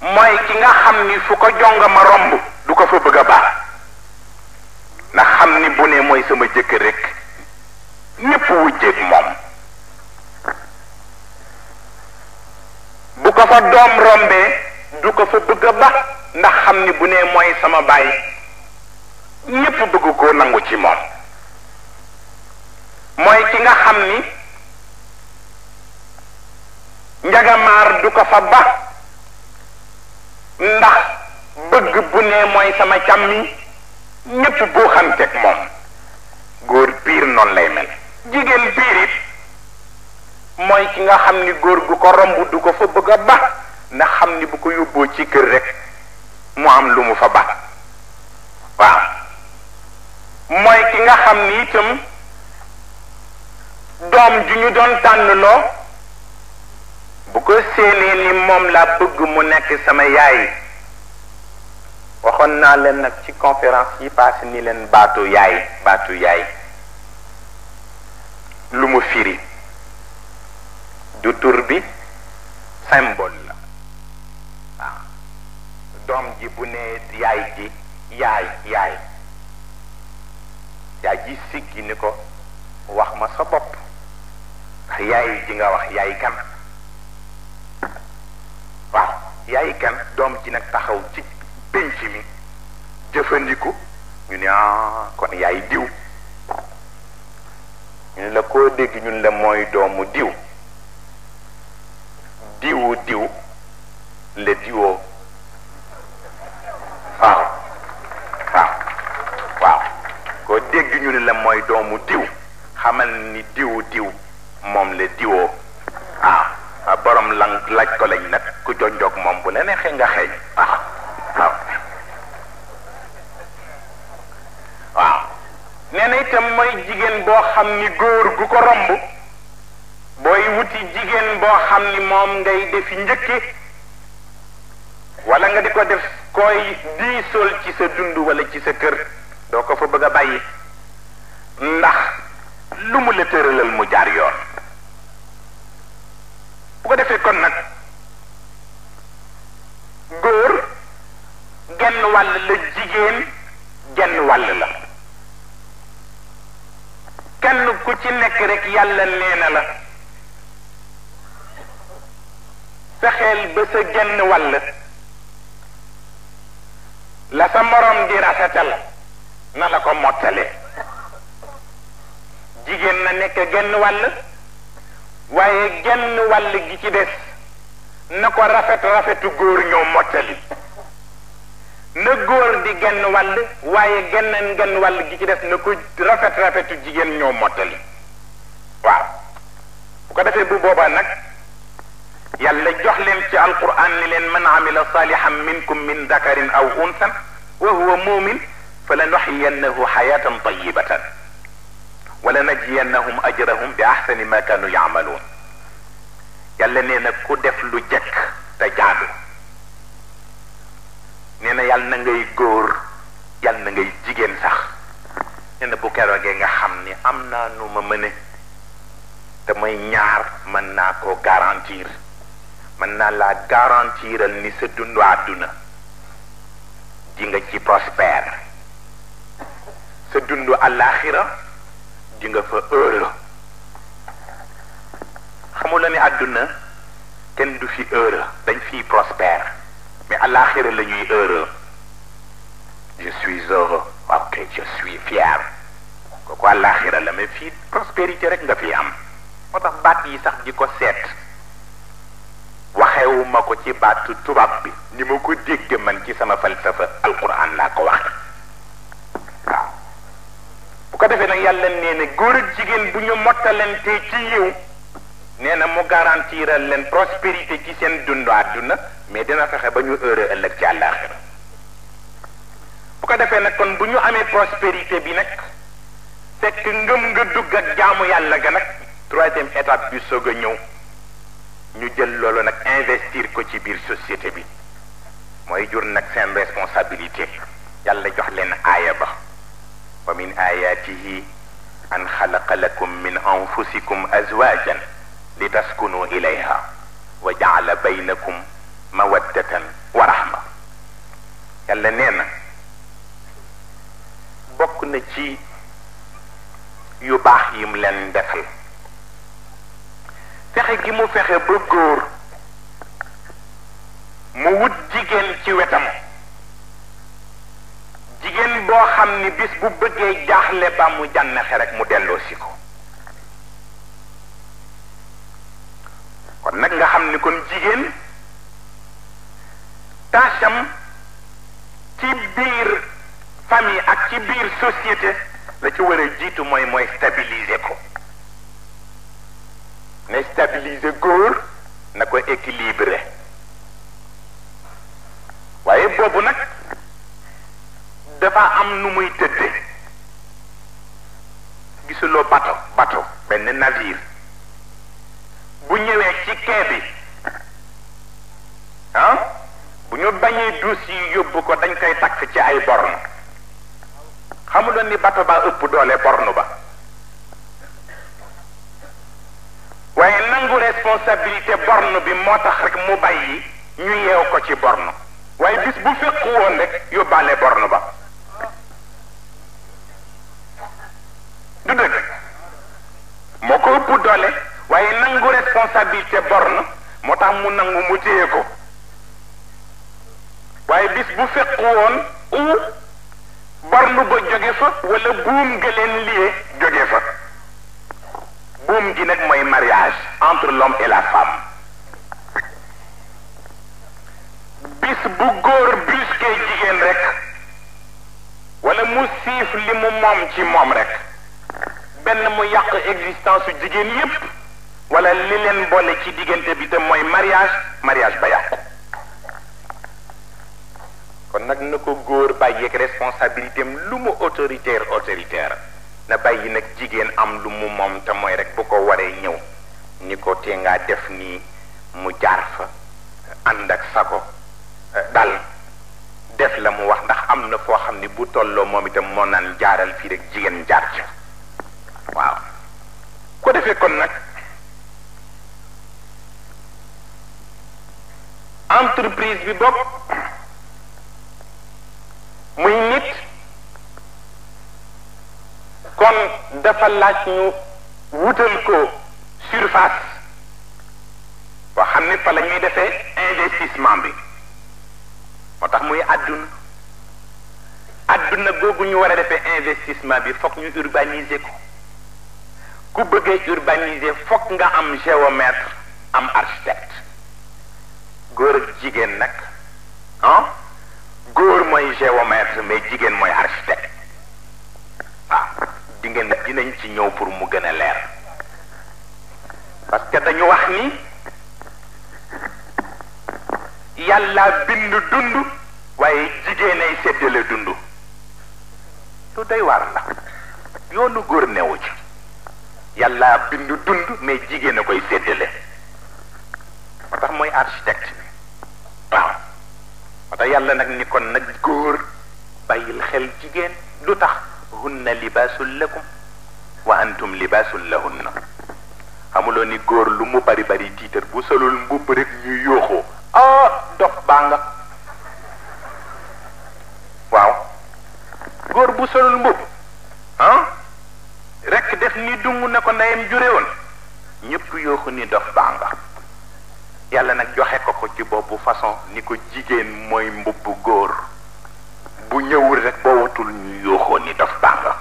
moy ki nga xamni ni fu ko jonga ma rombu du ko fa bëgg ba na xamni bu ne moy sama jëkkër rek ñepp wujjé mom ko fa doom rombee du ko fa bëgg ba ndax xam ni bu nee mooy sama bàyyi ñépp bëgg koo nangu ci moom mooy ki nga xam ni njagamaar du ko fa ba ndax bëgg bu nee mooy sama càmmi ñépp boo xanteeg moom góor piir noonu lay mel jigéen piir mooy ki nga xam ni góor gu ko romb du ko fa bëgg a ba ndax xam ni bu ko yóbboo ci kër rek mu am lu mu fa baax waaw mooy ki nga xam ni itam doom ju ñu doon tànn loo bu ko séenee ni moom laa bëgg mu nekk sama yaay waxoon naa leen nag ci conférence yi paase ni leen baatu yaay baatu yaay lu mu firi du tur bi symbole la waaw ah. doom ji bu ne yaay ji yaay yaay yaay ji siggi ni ko wax ma sa bopp ndax yaay ji nga wax yaay kan waaw yaay kan doom ji nag taxaw ci pénc mi jëfandiku ñu ne ah kon yaay diw ñu ne la koo dégg ñun la mooy doomu diw diwu diw la diwoo waaw waaw waaw koo dégg ñu ne la mooy doomu diw xamal ni diwu diw moom la diwoo waaw ah, borom lan laaj ko lañ nag ku jonjoog moom bu la neexee nga xeeñ ah, waaw waaw waaw itam mooy jigéen boo xam ni góor gu ko romb ci jigéen boo xam ni moom ngay defi njëkki wala nga di ko def koy diisool ci sa dund wala ci sa kër doo ko fa bëgg a bàyyi ndax lu mu la tëralal mu jaar yoon bu ko defee kon nag góor genn wàll la jigéen genn wàll la kenn ku ci nekk rekk yàlla nee na la sa genn wàll la sa morom di rafetal na la ko mottalee jigéen na nekk genn wàll waaye genn wàll gi ci des na ko rafet rafetu góor ñoo mottali na góor di genn wàll waaye genn genn wàll gi ci des na ko rafet rafetu jigéen ñoo mottali waaw bu ko defee bu boobaa nag yàlla jox leen ci alquran ni leen man amila salihan minkum min dakarin aw unsan wa huwa mumin fa lanuxiyannahu xayatan tayibatan wala najiyannahum ajrahum bi axsani ma kanu yaamaluun yàlla nee na ku def lu jëkk te jaadu nee na yàlla na ngay góor yàlla na ngay jigéen sax nee na bu keroogee nga xam ni am naa nu ma mëne te mooy ñaar mën naa ko garantir mën naa la garantiral ni sa dundu àdduna di nga ci prospère sa dundu àllaaxira di fa heureux xamula ne àdduna kenn du fi heureux dañ fiy prospère mais àllaaxira la ñuy heureux je suis heureux ok je suis fier kooku àllaaxira la mais fii prospérité rek nga fi am moo tax baat yi sax di ko seet wu ma ko ci baatu tubaab bi ni ma ko dégg man ci sama falsafa alquran laa ko waxe waaw bu ko defee nag yàlla nee na góor jigéen bu ñu mottalantee ci yiw nee na mu garantiral leen prospérité ci seen dundu àdduna mais dina fexe ba ñu heure ëllëg ci àllaaxira bu ko defee nag kon bu ñu amee prospérité bi nag fekk ngëm nga dugg ak jaamu yàlla ga nag troisième étape bi soog a ñëw ñu jël loolu nag investir ko ci biir société bi mooy jur nag seen responsabilité yàlla jox leen aaya ba wa min ayatihi an xalaqa lakum min anfusikum azwajan litaskunu ilayha wa jaala baynakum mawaddatan wa rahma yàlla nee na bokk na ci yu baax yim leen defal fexe gi mu fexe ba góor mu wut jigéen ci wetam jigéen boo xam ni bis bu bëggee jaaxle ba mu jànnexe rek mu delloosi ko kon nag nga xam ni kon jigéen tâcham ci biir famille ak ci biir société la ci war a jiitu mooy mooy stabiliser ko ne stabiliser góor na ko équilibré waaye boobu nag dafa am nu muy tëdde gisuloo bato bato benn navire bu ñëwee ci quai bi ah, bu ñu bañee duus yi yóbbu ko dañ koy takk ci ay borne xamuloon ni bato ba ëpp doole borne ba waaye nangu responsabilité borne bi moo tax rek mu bàyyi ñu yeew ko ci borne waaye bis bu fekk woon rek yóbbaale borne ba du dëgg moo ko ëpp doole waaye nangu responsabilité borne moo tax mu nangu mu téye ko waaye bis bu fekk woon u borne ba jóge fa wala buum gëleen liee jóge fa um ji nag mooy mariage entre l'homme et la femme bis bu góor brusque jigéen rek wala mu siif li mu moom ci moom rek benn mu yàq existence su jigéen yépp wala li leen boole ci diggante bi te mooy mariage mariage ba yàqu kon nag na ko góor bàyyeeg responsabilité am lu mu autoritaire autoritaire na bàyyi nag jigéen am lu mu moom te mooy rek bu ko waree ñëw ni ko te nga def nii mu jaar fa ànd ak sago dal def la mu wax ndax am na foo xam ni bu tolloo moom itam moo naan jaaral fii rek jigéen jaar ca waaw ko defee kon nag entreprise bi bokk muy nit kon dafa laaj ñu wutal ko surface boo xam ne fa la ñuy defee investissement bi moo tax muy àdduna àdduna googu ñu war a defe investissement bi fokk ñu urbaniser ko ku bëggee urbaniser fokk nga am géomètre am architecte góor ak jigéen nag ah góor mooy géomètre mais jigéen mooy architecte waaw di ngeen dinañ ci ñëw pour mu gën a leer parce que dañu wax ni yàlla bind dund waaye jigéen ay séddale dund lu doy waar la yoonu góor newu ci yàlla bind dund mais jigéen a koy séddale moo tax mooy architecte waaw moo tax yàlla nag ni kon nag góor bàyyil xel jigéen lu tax hunna libaasul lakum wa antum libaasul lahunna xamuloo ni góor lu mu bari bari tiitar bu solul mbubb rek ñu yooxoo ah dof baa waaw góor bu solul mbubb ah rek def ni dungu na ko ndeyam jure woon ñépp yooxu ni dof baa yàlla nag joxe ko ko ci boppu façon ni ko jigéen mooy mbubb góor bu ñëwul rek boo watul ñu yooxoo ni daf baax la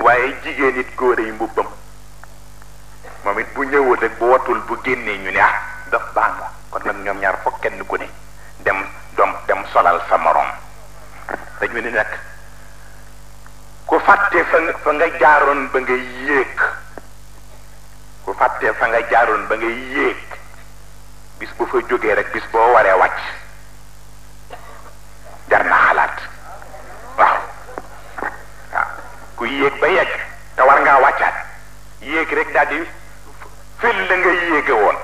waaye jigéen it góor yi mbubbam moom it bu ñëwul rek bu watul bu génnee ñu ne ah daf baax la kon nag ñoom ñaar foog kenn ku ne dem dem solal sa moroom dañu ni nag ku fàtte fa nga fa nga jaaroon ba nga yéeg ku fàtte fa nga jaaroon ba ngay yéeg bis bu fa jógee rek bis boo waree wàcc jar xalaat waaw waaw ah, ku yéeg ba yegg te war ngaa wàccaat yéeg rek daal di fël la nga woon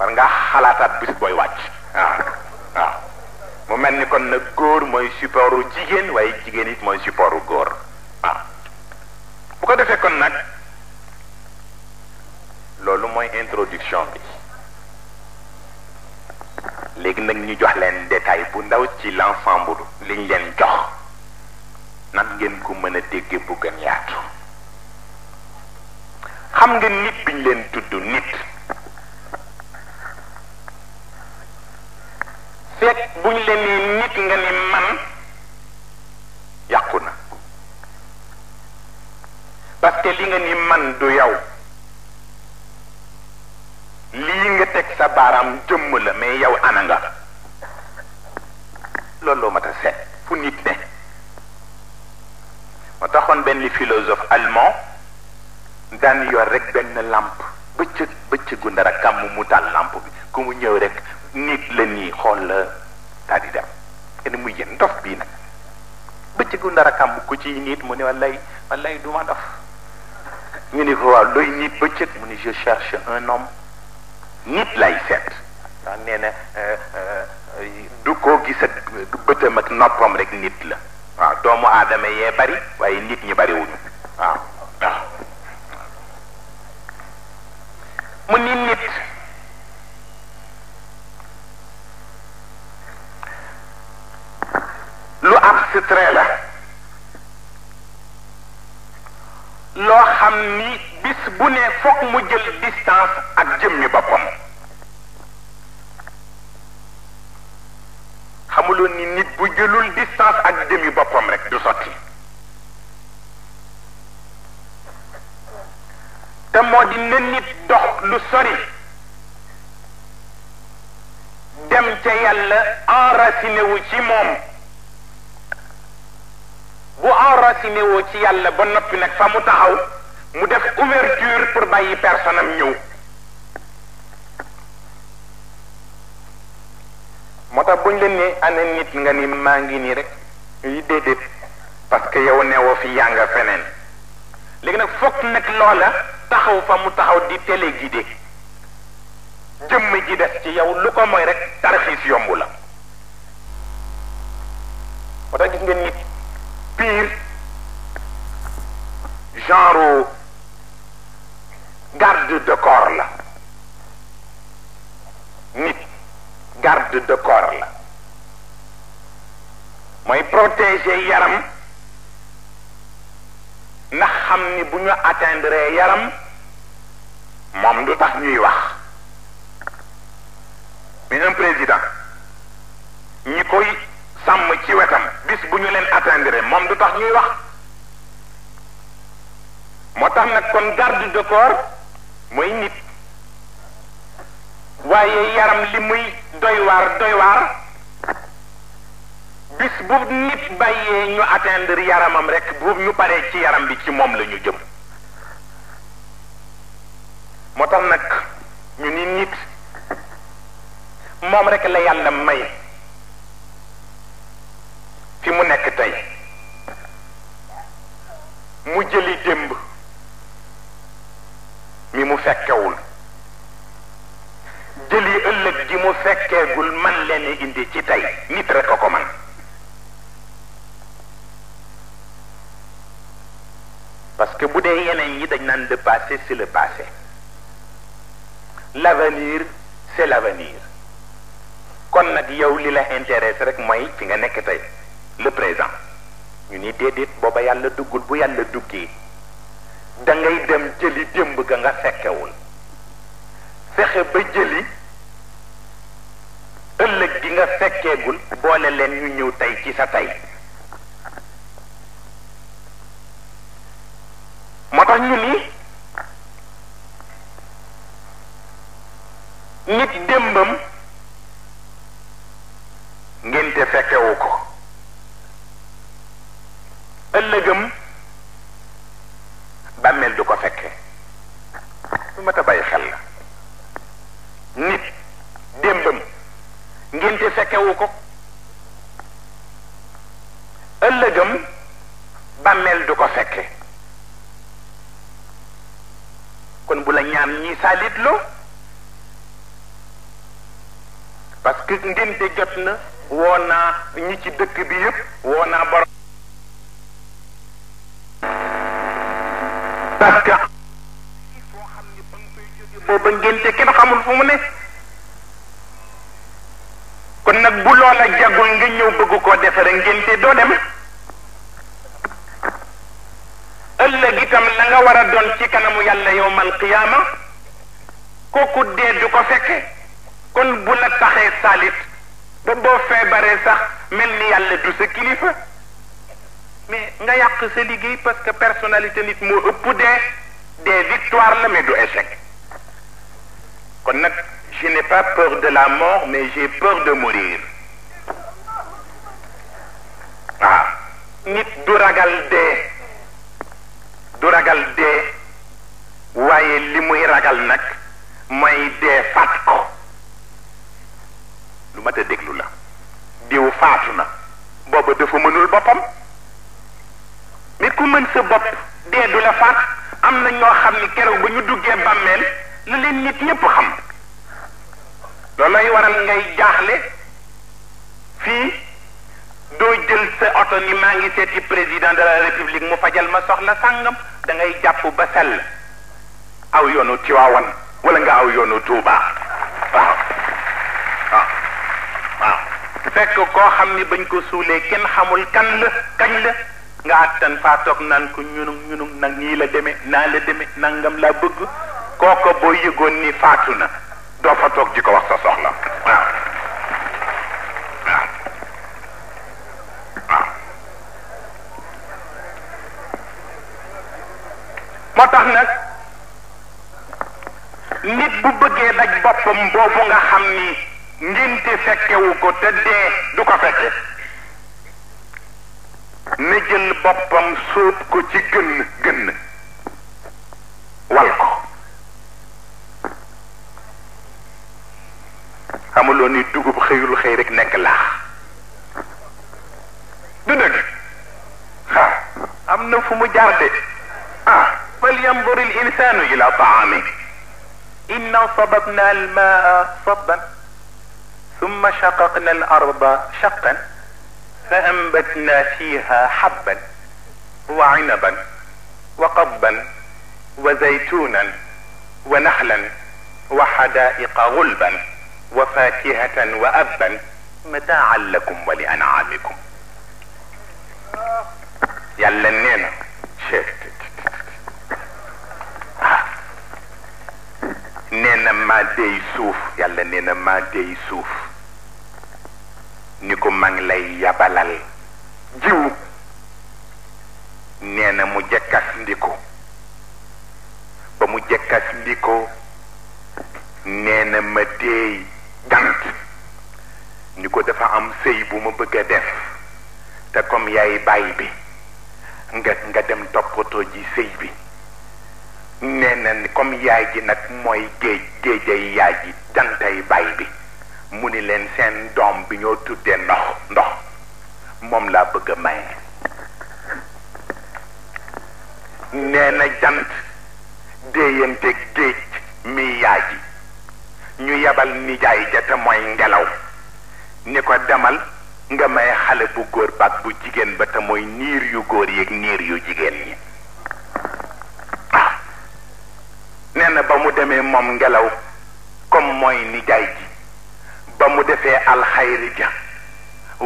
war ngaa xalaataat bis booy wàcc waaw ah, waaw mu mel ni kon nag góor mooy supportu jigéen waaye jigéen it mooy supportu góor waaw ah. bu ko defee kon nag loolu mooy introduction bi léegi nag ñu jox leen détail bu ndaw ci l'ensemble liñ leen jox nan ngeen ko mën a dégge bu gën yaatu xam nga nit biñ leen tudd nit fekk buñ leen nit nga ne man yàqu na parce que li nga ni man du yow lii nga teg sa baaraam jëmm la mais yow ana nga loolu mat a seet fu nit ne moo taxoon benn philosophe allemand daan yor rek benn làmp bëccëg bëccëgu ndara kàmm mu taal làmp bi ku mu ñëw rek nit la nii xool la daal dem kenn muy yéen ndof bii nag bëccëgu ndara kàmm ku ci nit mu ne wallay wallay du ma ndof ñu ne ko waaw looy nit bëccëg mu ne je cherche un homme nit lay set ndax nee du ko gis ak du bëtam ak nopam rek nit la wa doomu aadama ye bari waye nit ñi bari wuñu wa mu ni nit lu am la loo xam ni bu ne foog mu jël distance ak jëmmi boppam xamuloon ni nit bu jëlul distance ak jëmmi boppam rek du sotti te moo di nit dox lu sori dem ca yàlla enraciné ci moom bu enraciné ci yàlla ba noppi nag fa mu taxaw mu def ouverture pour bàyyi personne am ñëw moo tax buñ leen ne ana nit nga ni maa ngi nii rek yi déedéet parce que yow ne woo fi yaa nga feneen léegi nag fokk nag loola taxaw fa mu taxaw di téléguidé jëmm ji def ci yow lu ko mooy rek tarxiis yomb la moo tax gis nga nit pire genre garde de corps la nit garde de corps la mooy protéger yaram na xamni ni atteindre yaram mom du tax ñuy wax mais un président ñi koy sàmm ci wetam bis bu ñu leen atteindre moom du tax ñuy wax moo tax nag kon garde de corps moy nit waye yaram li muy doy war doy war bis bu nit baye ñu atteindre yaramam rek bu ñu paré ci yaram bi ci mom lañu jëm motam nak ñu ni nit mom rek la yalla may fi mu nekk tay mu jëli demb ñi mu fekkewul jëli ëllëg ji mu fekkeegul man leen indi ci tey nit rek ko man parce que bu dee yeneen yi dañ naan le passé c'est le passé l'avenir c'est l'avenir kon nag yow li la intéresse rek mooy fi nga nekk tey le présent ñu ni déedéet booba yàlla duggul bu yàlla duggee da ngay dem jëli démb ga nga fekkewul fexe ba jëli ëllëg gi nga fekkeegul boole leen ñu ñëw tey ci sa tey moo tax ñu ni nit démbam ngénte fekkewu ko ëllëgam bàmmeel du ko fekke lu mat a bàyyi xel la nit démbam ngénte fekkewu ko ëllëgam bàmmeel du ko fekke kon bu la ñaam ñi saalit loo ngénte jot na woo ñi ci dëkk bi yëpp woo naa parce que booba ngénte kenn xamul fu mu ne kon nag bu loola jagul nga ñëw bëgg koo defere ngénte doo dem ëllëg itam la nga war a doon ci kanamu yàlla yowmal qiyaama kooku dee du ko fekke kon bu la taxee saalit ba feebaree sax mel ni yàlla du sa kilifa mais nga yàq ce ligue parce que personnalité nit mo ëpp dee des victoires la mais du échec kon nak je n'ai pas peur de la mort mais j'ai peur de mourir Ah, nit du ragal dee du ragal dee waaye li muy ragal nak mooy dee fat ko lu mat a déglu la diw fatuna bobu dafa mënul boppam mais ku mën sa bopp dee du la faat am na ñoo xam ni keroog ba ñu duggee bàmmeel la leen nit ñépp xam loolooy waral ngay jaaxle fii doo jël sa oto ni maa ngi seeti président de la république mu fajal ma soxla sàngam da ngay jàpp ba sell aw yoonu Tiwaawan wala nga aw yoonu Tuubaa waaw waaw fekk koo xam ni bañ koo suulee kenn xamul kan la kañ la nga àttan faa toog naan ko ñunug ñunug nag nii la demee naa la demee nangam laa bëgg kooko boo yëgoon ni faatu na doo fa toog di ko wax sa soxla moo tax nag nit bu bëggee daj boppam boobu nga xam ni ngénte fekkewu ko te du ko fekke نجل بابام سوب كو تي گن گن والكو امولوني دوغوب خيول خي رك نك لا دو ها امنا فمو جار دي اه فلينظر الانسان الى طعامه ان صببنا الماء صبا ثم شققنا الارض شقا فأنبتنا فيها حبا وعنبا وقضبا وزيتونا ونحلا وحدائق غلبا وفاكهة وأبا متاعا لكم ولأنعامكم يلا النينة شفت نينة ما دي يسوف يلا نينة ما دي يسوف ni ko maa lay yabalal jiw nee na mu jekkas ndiko ba mu jekkas ndiko nee na ma déey ni ko dafa am sëy bu ma bëgg a def te comme yaay bàyyi bi nga nga dem toppatoo ji sëy bi nee na comme yaay ji nag mooy géej géejay yaay ji jantay bàyyi mu ni leen seen doom bi ñoo tuddee ndox ndox moom laa bëgg a maye nee na jant déeyante géej mi yaay ji ñu yebal nijaay ja te mooy ngelaw ni ko demal nga may xale bu góor baag bu jigéen ba te mooy niir yu góor yi niir yu jigéen ñi ah ba mu demee moom ngelaw comme mooy nijaay ji ba mu defee alxayri ja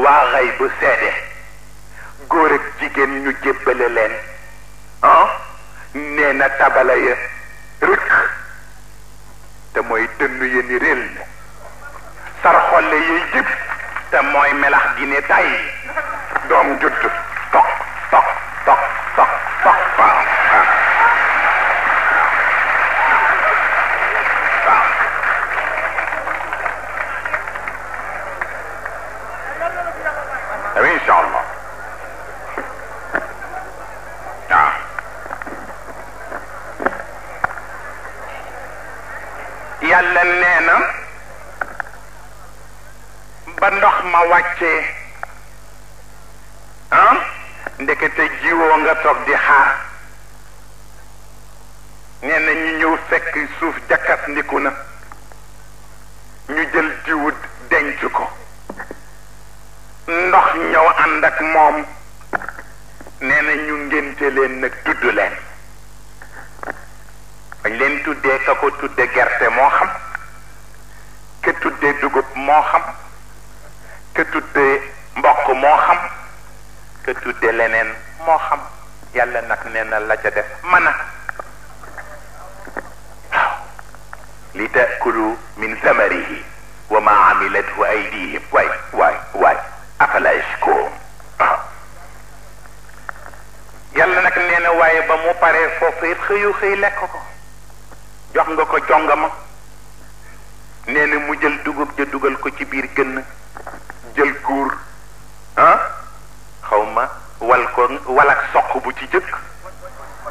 waa xay bu seede góor ak jigéen ñu jébbale leen ah nee na tabala ya rëkk te mooy dënn ya ni réel na yay jëpp te mooy melax gi ne tay doom judd xëyu xëy lekk ko jox nga ko jongama nee na mu jël dugub ja dugal ko ci biir gënn jël guur ah xaw wal ko wal ak soq bu ci jëkk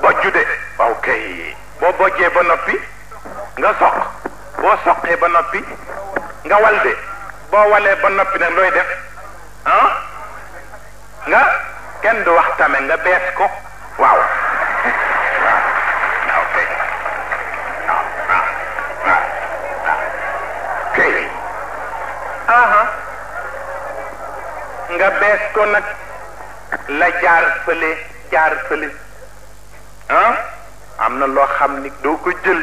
bojju de waaw boo bojjee ba noppi nga soq boo soqee ba noppi nga wal de boo walee ba noppi nag looy def la jaar fële jaar fële am na loo xam ni doo ko jël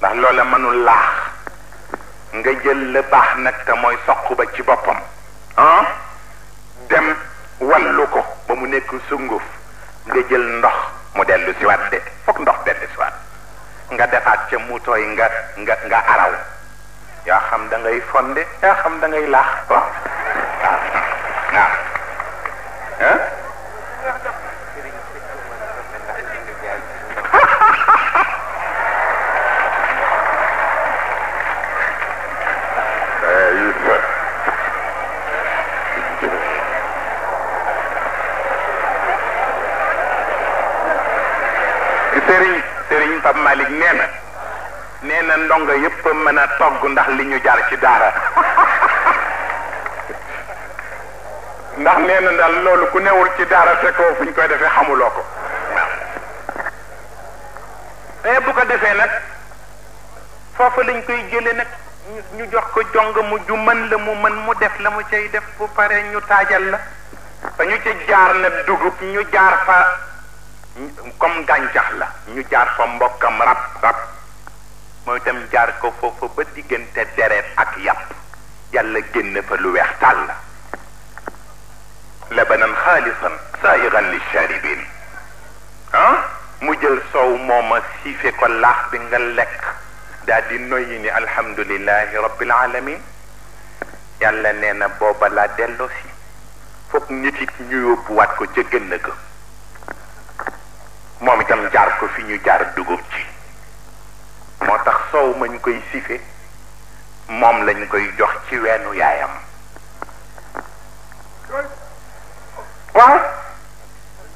ndax loola mënul laax nga jël la baax nag te mooy soq ba ci boppam ah dem wallu ko ba mu nekk sunguf nga jël ndox mu dellu siwaat de foog ndox dellu siwaat nga defaat ca muutooy nga nga nga araw yaa xam dangay ngay fonde yaa xam da laax waaw waaw Hah? sëriñ sëriñ Pape Malick nee na nee na ndongo yëpp mën a togg cedara ndax nee na daal loolu ku newul ci daara te ko fu ñu koy defee xamuloo ko waaw eh, mais bu ko defee nag foofu lañ koy jële nag ñu jox ko jong mu ju mën la mu mën mu def la mu cay def bu pare ñu taajal la ba ñu ci jaar la dugub ñu jaar fa comme gàncax la ñu jaar fa mbokkam rab rab mooy itam jaar ko foofu ba diggante deret ak yàpp yàlla génn fa lu weex tàll لبنا خالصا سائغا للشاربين ها مجل سو موما سيفي كل لاخ لك دادي نويني الحمد لله رب العالمين يلا نينا بوبا لا ديلو سي فوك نيتي نيو بوات كو جيغن نك مومي تام جار كو في نيو جار دوغو سي موتاخ سو ما نكوي سيفي موم لا نكوي جوخ سي وينو يايام Good. waaw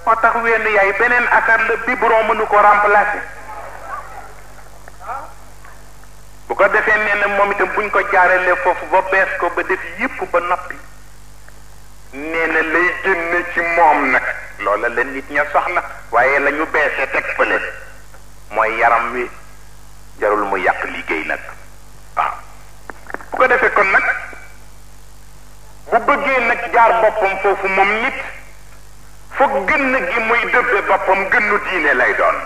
moo tax wenn yaay beneen asar la biberon mënu ko remplacer bu ko defee nee moom itam buñ ko jaarale foofu ba bees ko ba def yëpp ba noppi nee na lay génne ci moom nag loola leen nit ña soxla waaye la ñu beesee teg fële mooy yaram wi jarul mu yàq liggéey nag waaw bu ko defee kon nag bu bëggee nag jaar boppam foofu moom nit fa gën gi muy dëbbe boppam gënnu diine lay doon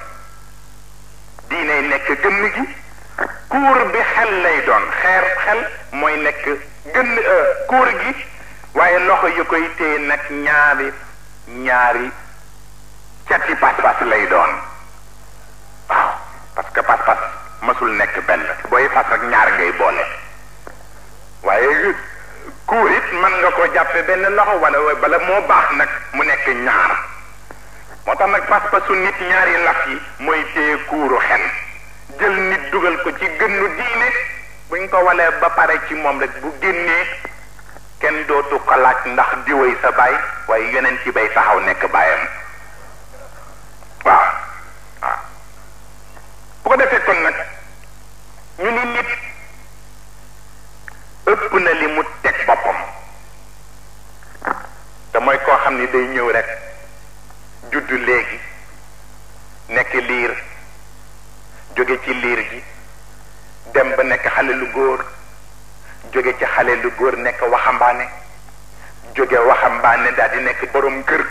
diine nekk gënn gi kuur bi xel lay doon xeer xel mooy nekk gënn euh, kuur gi waaye loxo yu koy téye nag ñaari ñaari cati pas-pas lay doon waaw parce que pas-pas mësul nekk benn booy fas ak ñaar ngay boole mën nga ko jàppe benn loxo wala bala moo baax nag mu nekk ñaar moo tax nag pas-pasu nit ñaari laf yi mooy téye kuuru xel jël nit dugal ko ci gënnu diine buñ ko walee ba pare ci moom rek bu génnee kenn dootu ko laaj ndax di wéy sa baay waaye yeneen ci bay taxaw nekk baayam day ñëw rek judd léegi nekk liir jóge ci liir gi dem ba nekk xale lu góor jóge ci xale lu góor nekk waxambaane jóge waxambaane daal di nekk borom kër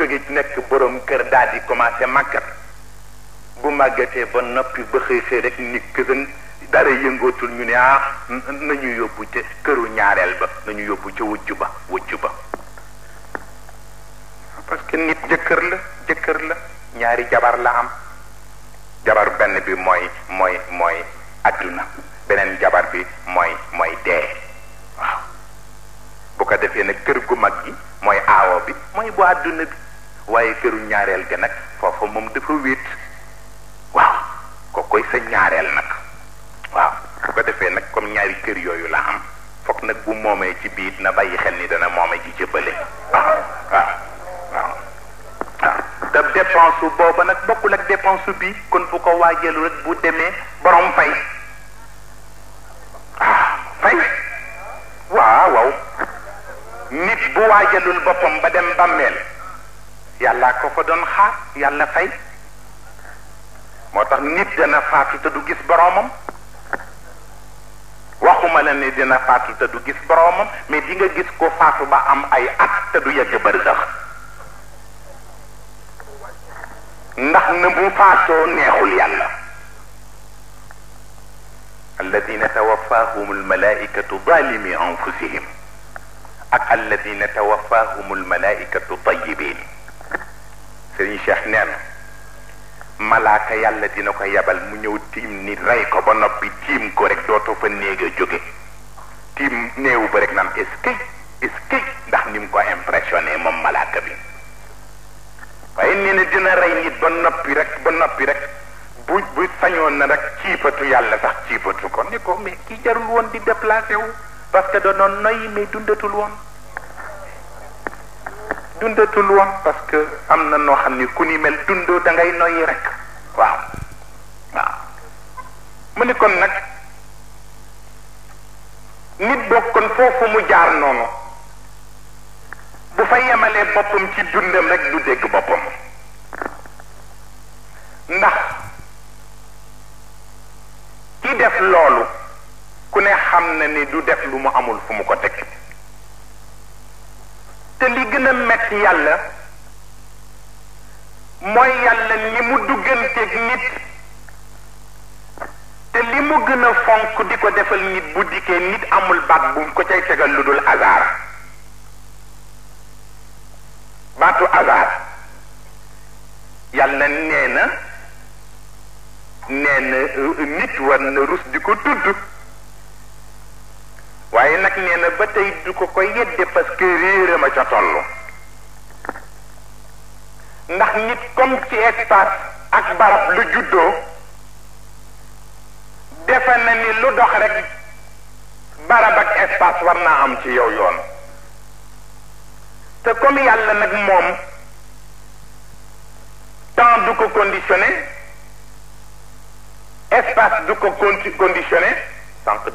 jóge nekk borom kër daal di commencé màggat bu màggatee ba noppi ba xëy xëy rek ni kësan dara yëngootul ñu ne ah nañu yóbbu ca këru ñaareel ba nañu yóbbu ca wujj ba wujj ba te nit jëkkër la jëkkër la ñaari jabar la am jabar benn bi mooy mooy mooy adduna beneen jabar bi mooy mooy dee waaw bu ko defee nag kër gu mag gi mooy aawo bi mooy bu adduna bi waaye këru ñaareel ga nag foofa moom dafa wéet waaw ko koy sa ñaareel nag waaw bu ko defee nag comme ñaari kër yooyu la am foog nag bu moomee ci biit na bàyyi xel ni dana moome ji jëbale waaw te dépense su booba nag bokkul ak dépense su bii kon bu ko waajalu rek bu demee borom fay ah fay waaw waaw nit bu waajalul boppam ba dem bàmmeel yàlla ko ko doon xaar yàlla fay moo tax nit dana faatu te du gis boromam waxuma la ne dina faatu te du gis boromam mais di nga gis ko faatu ba am ay at te du yegg bari sax ndax na bu faaso neexul yàlla alladina tawaffahum almalaikatu zalimi anfusihim ak alladina tawaffahum almalaikatu tayyibin sëriñ cheikh nee malaaka yàlla dina ko yabal mu ñëw tiim nit rey ko ba noppi tiim ko rek dootoo fa néega jóge tiim néewu ba rek naan est ce que est ce que ndax ni mu ko impressionné moom malaaka bi waaye nee na dina rey nit ba noppi rek ba noppi rek bu bu sañoon na rek ciipatu yàlla sax ciipatu ko ni ko mais kii jarul woon di déplacé wu parce que danoon noyyi mais dundatul woon dundatul woon parce am na noo xam ne ku ni mel dundoo da ngay noyyi rek waaw waaw mu ni kon nag nit bokkoon foofu mu jaar noonu fa yemalee boppam ci dundam rek du dégg boppam ndax ki def loolu ku ne xam na ni du def lu mu amul fu mu ko teg te li gën a metti yàlla mooy yàlla li mu dugganteeg nit te li mu gën a fonk di ko defal nit bu dikkee nit amul baat bu ko cay tegal lu dul hasard baatu azar yàlla na nee na euh, nit war na rus di ko tudd waaye nag nee na ba tey du ko ko yedde parce réeram a ca toll ndax nit comme ci espace ak barab lu juddoo defe na ni lu dox rek barab ak espace war naa am ci yow yoon te comme yalla nak mom temps du ko conditionné espace du ko conditionné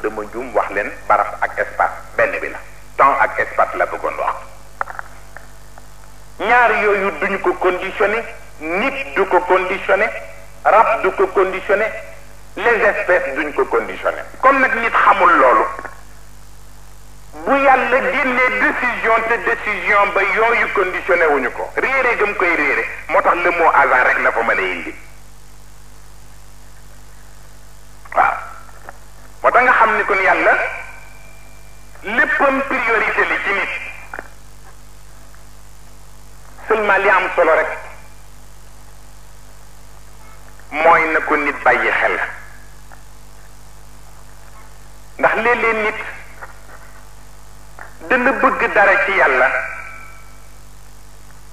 de ma djum wax len baraf ak espace ben bi la temps ak espace la bëggoon wax ñaar yoyu duñ ko conditionné nit du ko conditionné rap du ko conditionné les espèces duñ ko conditionné comme nak nit xamul lolu. bu yàlla génnee décision te décision ba yooyu conditionné wuñu ko réere gëm koy réere moo tax le mot rek la fa mën a indi waaw moo tax nga xam ni kon yàlla léppam priorité li ci nit seulement li am solo rek mooy na ko nit bàyyi xel ndax léeg-léeg nit dana bëgg dara ci yàlla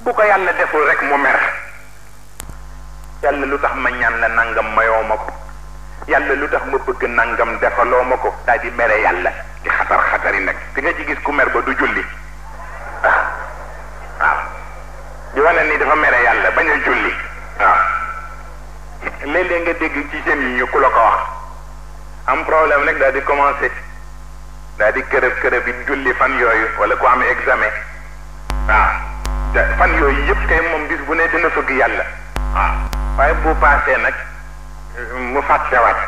bu ko yàlla deful rek mu mer yàlla lu tax ma ñaan la nangam mayoo ma ko yàlla lu tax ma bëgg nangam defaloo ma ko daal di mere yàlla di xatar xatari nag di nga ci gis ku mer ba du julli waaw ah. waaw di wane ni dafa mere yàlla ba a julli waaw ah. léeg-léeg nga dégg ci seen yi ñu ku la ko wax am problème rek daal di commencé daa di kërëb kërëb it julli fan yooyu wala ku am examen waaw te fan yooyu yëpp kay moom bis bu ne dina fëgg yàlla waaw waaye bu paase nag mu fàttewaat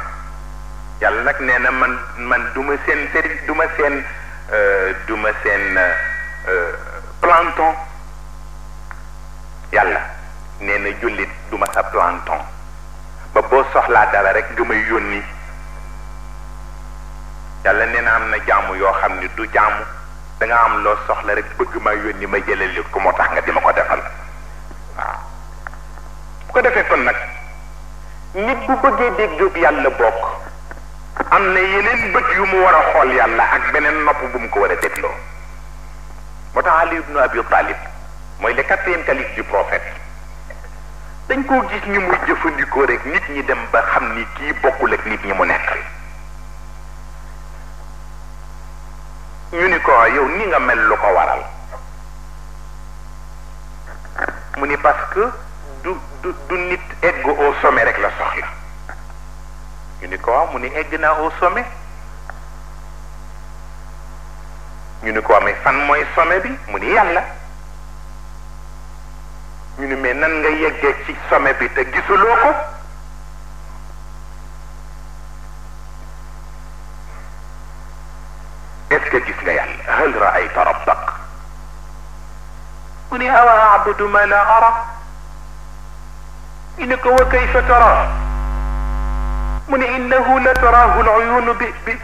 yàlla nag nee na man man duma seen sëriñ du ma seen euh, du ma seen euh, planton yàlla nee na jullit du ma sa planton ba boo soxlaa dara rek nga may yónni yàlla neena na am na jaamu yoo xam ni du jaamu da nga am loo soxla rek bëgg ma yónni ma jëlal li ko motax nga dima ko defal waaw bu ko defee kon nag nit bu bëggee dégg yàlla bokk am na yeneen bëgg yu mu war a xool yàlla ak beneen nopp bu mu ko war a dégloo moo tax Ali Ibn Abi Talib mooy le quatrième calife du prophète dañ koo gis ni muy jëfandikoo rek nit ñi dem ba xam ni kii bokkul ak nit ñi mu nekk Nyouni kwa yo, ni nga men loka waral. Mouni paske, dounit eggo ou somerek la sakya. Nyouni kwa, mouni egna ou somer. Nyouni kwa, mwen fanmwen somer bi, mouni yalla. Nyouni men nan nga yege chik somer pi te gisou loko. اسكت اثنين هل رأيت ربك قل أو أعبد ما لا أرى إنك وكيف تراه من إنه لا تراه العيون ب... ب...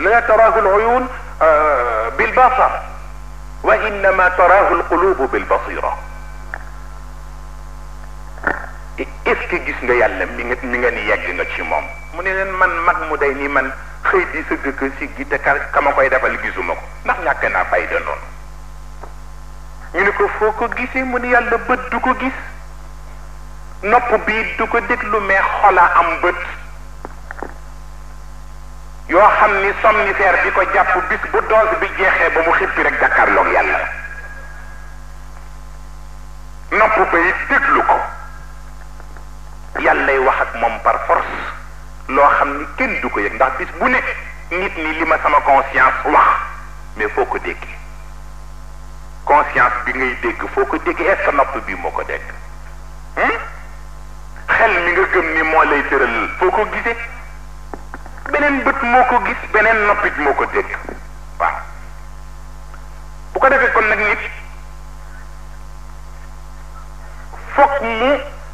لا تراه العيون آه بالبصر وإنما تراه القلوب بالبصيرة est-ce gis nga yàlla mi nga mi nga ni yegg nga ci moom mu ne leen man mag mu day nii man xëy di sëgg ko si gi te kar ka koy defal gisuma ko ndax ñàkk naa fayda noonu ñu ne ko foo ko gisee mu ne yàlla bët du ko gis nopp bii du ko déglu mais xola am bët yoo xam ni somnifère bi ko jàpp bis bu dose bi jeexee ba mu xippi rek jàkkaarloog yàlla nopp ba déglu ko yàlla yàllay wax ak moom par force loo xam ni kenn du ko yëg ndax bis bu ne nit ni li ma sama conscience wax mais foo ko déggee conscience bi ngay dégg foo ko déggee est sa nopp bi moo ko dégg hmm? xel mi nga gëm ni moo lay tëral foo ko gisee beneen bët moo ko gis beneen noppit moo ko dégg waaw bu ko defee kon nag nit fokk mu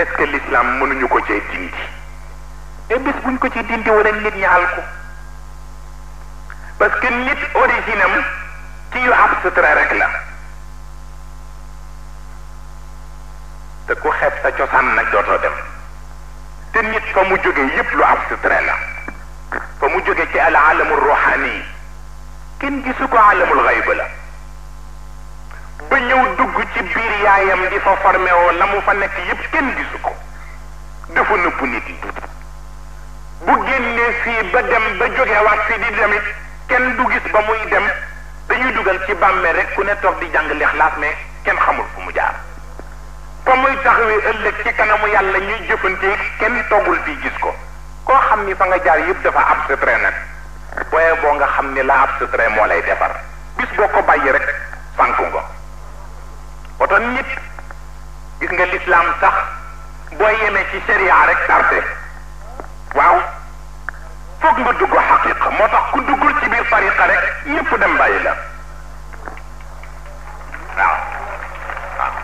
est ce que l'islam mënuñu ko cee dindi te bis buñ ko ci dindi wala nit ñaal ko parce que nit origine am ci yu abstrait rek la te ku xeeb sa cosaan nag dootoo dem te nit fa mu jóge yépp lu abstrait la fa mu jóge ci al alamu ruhani kenn gisu ko alamul xayb la ba ñëw dugg ci biir yaayam di fa formé la mu fa nekk yépp kenn gisu ko dafa nëbbu nit yi bu génnee fii ba dem ba jógewaat fii di demit kenn du gis ba muy dem dañuy dugal ci bàmmee rek ku ne toog di jàng lixlaas mais kenn xamul fu mu jaar fa muy taxawee ëllëg ci kanamu yàlla ñuy jëfantee kenn toggul fii gis ko koo xam ni fa nga jaar yëpp dafa abstrait nag waaye boo nga xam ni la abstrait moo lay defar bis boo ko bàyyi rek sànku nga oto nit gis nga lislaam sax boo yemee ci sharia rek tardé waaw foog nga dugg xaqiqa moo tax ku duggul ci biir tariqa rek ñëpp dem bàyyi la waaw waaw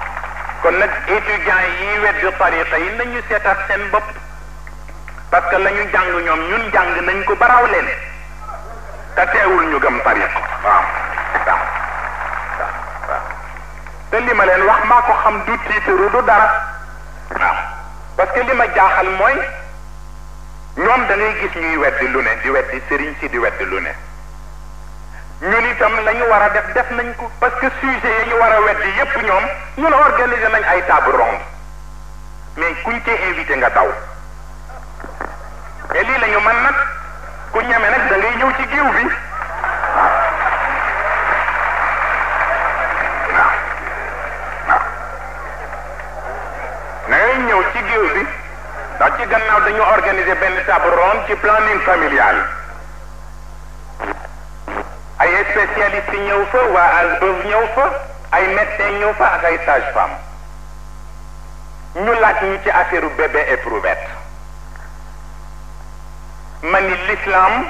kon nag étudiants yi weddi tariqa yi nañu seetaat seen bopp parce que la ñu jàng ñoom ñun jàng nañ ko baraw leen te teewul ñu gëm tariqa waaw waaw te li ma leen wax maa ko xam du tiitaru du dara waaw parce que li ma jaaxal mooy ñoom da ngay gis ñuy weddi lu ne di weddi sëriñ si di weddi lu ne ñun itam la ñu war a def def nañ ko parce que sujet yi ñu war a weddi yépp ñoom ñun organiser nañ ay table ronde mais kuñ cee invité nga daw te lii la mën nag ku ñeme nag da ñëw ci géew bi na ñëw ci géew bi ndax ci gannaaw dañu organiser benn table ronde ci planning familial ay spécialistes ñëw fa waa ASBEV ñëw fa ay médecins ñëw fa ak ay sages-femmes ñu laaj ñu ci affaire bébé éprouvette ma ni l'islam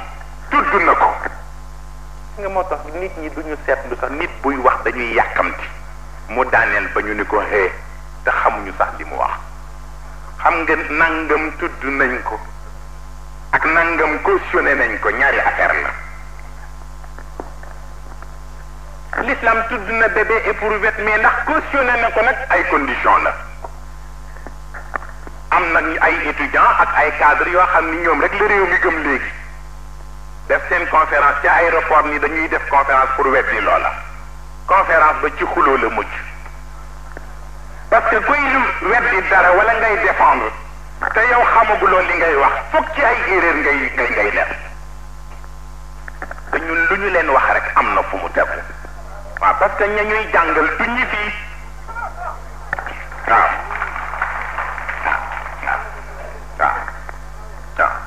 tudd na ko nga moo tax nit ñi duñu seetlu sax nit buy wax dañuy yàkkamti mu daaneel ba ñu ni ko te xamuñu sax li mu wax xam nga nangam tudd nañ ko ak nangam cautionné nañ ko ñaari affaire la l'islam tudd na bébé éprouvé mais ndax cautionné na ko nag ay condition la am na ay étudiants ak ay cadres yoo xam ni ñoom rek la réew mi gëm léegi def seen conférence ay aéroport ni dañuy def conférence pour weddi loola conférence ba ci xuloo la mujj parce que kuy weddi dara wala ngay défendre te yow xamaguloo li ngay wax foog ci ay erreur ngay ngay ngay def te ñun lu ñu leen wax rek am na fu mu tegu waaw parce que ña ñuy jàngal du ñi fii waaw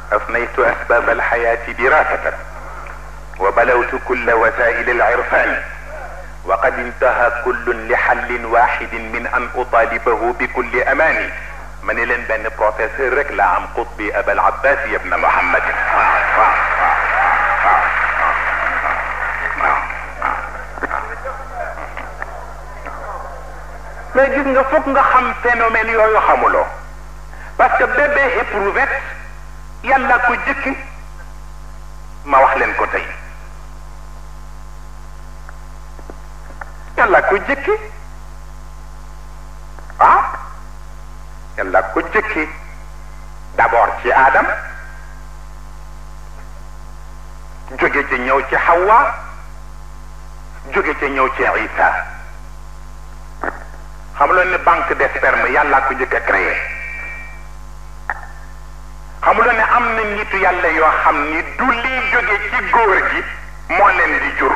أفنيت أسباب الحياة دراسة وبلوت كل وسائل العرفان وقد انتهى كل لحل واحد من ان اطالبه بكل اماني من لن بان بروفيسور لا عم قطبي ابا العباس يا ابن محمد ما جيس نغا فوق نغا خام فينومين يويو خامولو باسكو بيبي هيبروفيت يالا كو جيكي ما واخ لين كو تاي yàlla ko jëkki ah yàlla ko jëkki d'abord ci Adam jóge ci ñëw ci Hawa jóge ci ñëw ci Isa xam loon ne banque de yàlla ko jëkk a créé xam loon ne am na nitu yàlla yoo xam ni du liy jóge ci góor gi moo leen di jur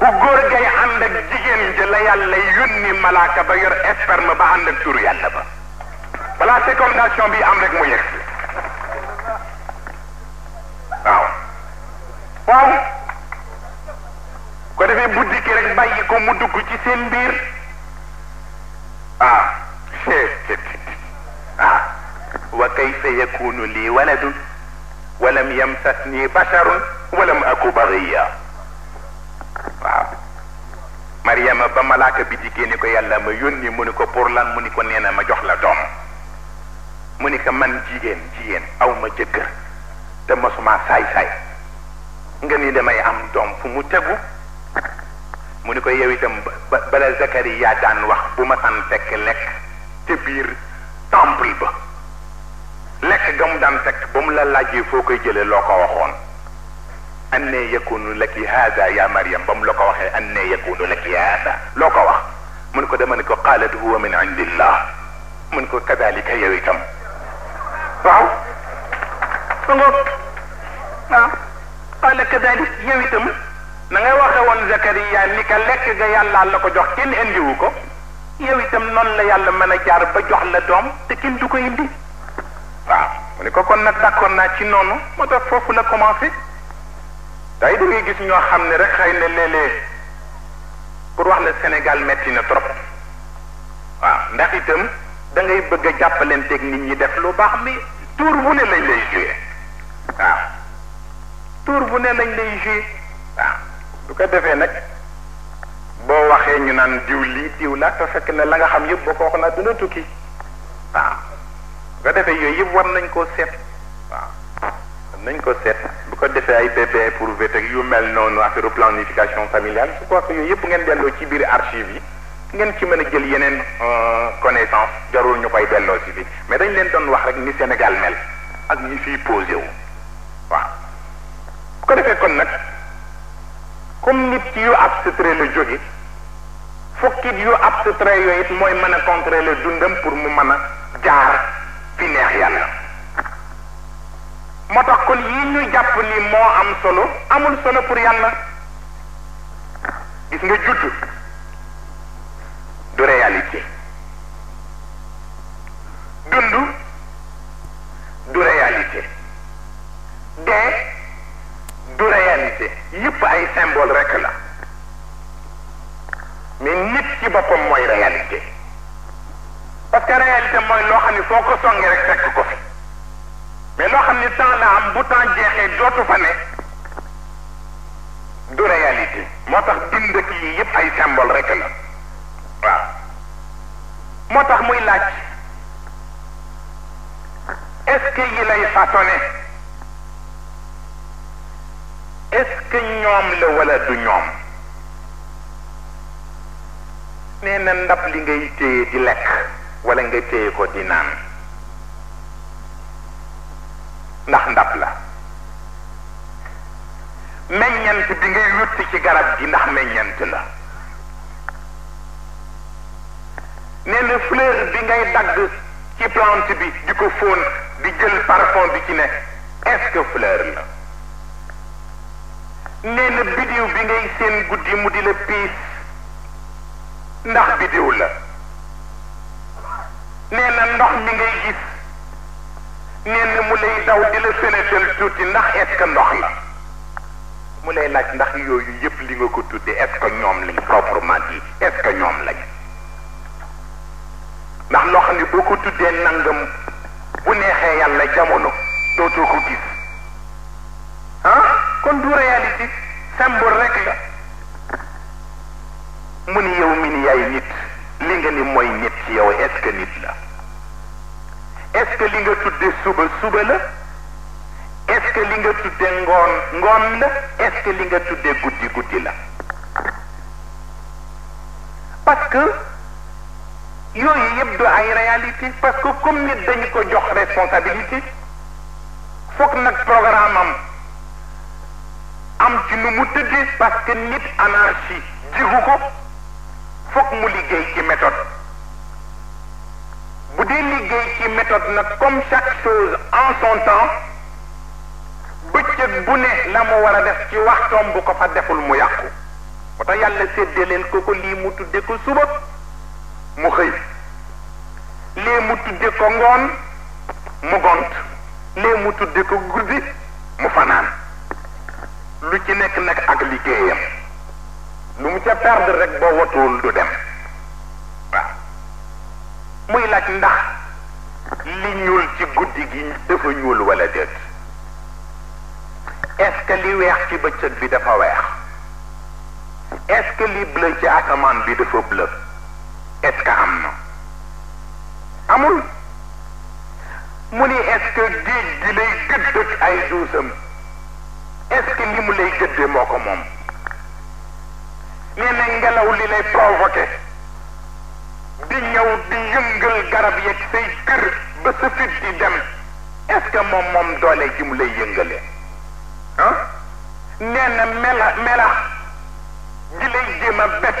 bu góor gay ànd ak jigéen ja la yàlla yónni malaaka ba yor esperme ba ànd ak turu yàlla ba balaa fécondation bi am rek mu yegg waaw waaw ko defee bu dikki rek bàyyi ko mu dugg ci seen biir waaw ah wa kayfa yakunu lii waladun walam yamsasni basharun walam aku baghiya waaw mariama ba malaaka bi di génne ko yàlla ma yónni mu ne ko pour lan mu ni ko nee na ma jox la doom mu ni ko man jigéen jigéen aw ma jëkkër te mosuma saay-saay nga ni damay am doom fu mu tegu mu ni ko yow itam bala Zakariya daan wax bu ma san fekk lekk te biir temple ba lekk ga mu daan fekk ba mu la laaj laajee foo koy jëlee loo ko waxoon ان يكون لك هذا يا مريم بام لوكو واخي ان يكون لك هذا لوكو واخ منكو دما نكو قالت هو من عند الله منكو كذلك هي ويكم واو سنغوت نعم قال كذلك يا ويتم نغي واخا وون زكريا نيكا ليك غا يالا لاكو جوخ كين اندي ووكو يا ويتم نون لا يالا مانا جار با جوخ لا دوم تي كين دوكو اندي واو منكو كون نك داكون نا سي نونو موتا فوفو لا كومونسي day da ngay gis ñoo xam ne rek xëy na léeg-léeg pour wax la Sénégal metti na trop waaw ndax itam da ngay bëgg a jàppalanteeg nit ñi def lu baax mi tour bu ne lañ lay joué waaw tuur bu ne lañ lay joué waaw su ko defee nag boo waxee ñu naan diw lii diw la te fekk na la nga xam yëpp boo ko wax naa dina tukki waaw su ko defee yooyu yëpp war nañ koo seet waaw nañ koo seet ko defee ay bébé pour véteg yu mel noonu affaire planification familiale je crois que yooyu yëpp ngeen delloo ci biir archive yi ngeen ci mën a jël yeneen euh, connaissance jarul ñu koy delloo si bi mais dañu leen doon wax rek ni Sénégal mel ak ñi fiy posé wu waaw bu ko defee kon nag comme nit yu abstrait la jóge fokkit yu abstrait yooyu it mooy mën a contrôler dundam pour mu mën a jaar fi neex yàlla moo tax kon yii ñu jàpp ni moo am solo amul solo pour yàlla gis nga judd du réalité dund du réalité dee du réalité yëpp ay symbole rekk la mais nit ci boppam mooy réalité parce que mooy loo xam ne foo ko songee rek fekk ko fi mais loo xam ni temps la am bu temps jeexee dootu fa ne du réalité moo tax bind kii yëpp ay symbole rek la waaw moo tax muy laaj est-ce que yi lay façonné est-ce que ñoom la wala du ñoom nee na ndab li ngay téye di lekk wala nga téye ko di naan ndax ndab la meññent bi ngay wutti ci garab gi ndax meññent la nee na fleur bi ngay dagg ci plante bi di ko fóon di jël parfum bi ci ne est-ce que fleur la nee na bi ngay seen guddi mu di la piis ndax bidiw la nee ndox mi ngay gis nee na mu lay daw di la senetal tuuti ndax est-ce ndox la mu lay laaj ndax yooyu yëpp li nga ko tuddee est-ce ñoom lañ proprement dit est-ce que ñoom lañ ndax loo xam ne boo ko tuddee nangam bu neexee yàlla jamono dootoo ko gis ah kon du réalité symbole rek la mu ni yow mi ni yaay nit li nga ni mooy nit ci yow est nit la est-ce que li nga tudde suba suba la est-ce que li nga tudde ngoon ngoon la est li nga tudde guddi guddi la parce que yooyu yëpp du ay réalité parce que comme nit dañu ko jox responsabilité foog nag programme am am ci nu mu tëddee parce que nit anarchie jigu ko foog mu liggéey ci méthode bu dee liggéey ci méthode nag comme chaque chose en son temps bëccëg bu ne la mu war a def ci waxtoom bu ko fa deful mu yàqu moo tax yàlla séddaleel ko ko lii mu tudde ko suba mu xëy lii mu tudde ko ngoon mu gont lii mu tudde ko guddi mu fanaan lu ci nekk nag ak liggéeyam lu mu ca perdre rek boo watuwul du dem muy laaj ndax li ñuul ci guddi gi dafa ñuul wala déet est li weex ci bëccëg bi dafa weex est-ce li bleu ci asamaan bi dafa bleu est que am na amul mu ni est-ce que géej gi lay gëdd ay duusam est li mu lay gëddee moo ko moom nee na ngelaw li lay provoqué di yow di yëngal garab yeeg say kër ba sa fit di dem est moom moom doole ji mu lay yëngalee ah nee melax ji lay jéem a bett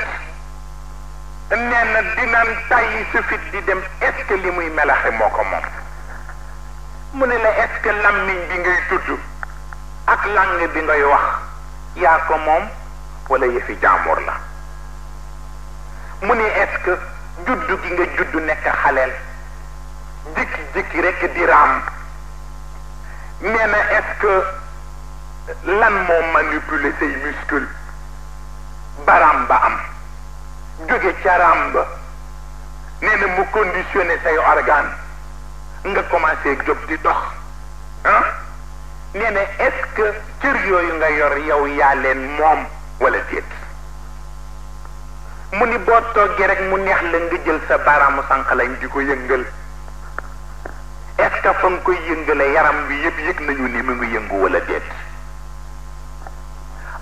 nee na dinaan tàyyi sa fit di dem est li muy melaxe moo ko moom mu ne la est-ce que làmmiñ bi ngay tudd ak langue bi ngay wax yaa ko moom walla yëfi jaamur la mu ne est juddu gi nga juddu nekk xaleel jékki-jékki rek di raam nee na est-ce que lan moo manipuler say muscles baram ba am jóge ca raam ba nee na mu conditionné say organe nga commencé jóg di dox ah nee na est-ce que cër yooyu nga yor yow yaa leen moom wala déet mu ni boo toggee rek mu neex la nga jël sa baaraamu sànqalañ di ko yëngal est que fa nga koy yëngale yaram bi yëpp yëg nañu ni mu ngi yëngu walla déet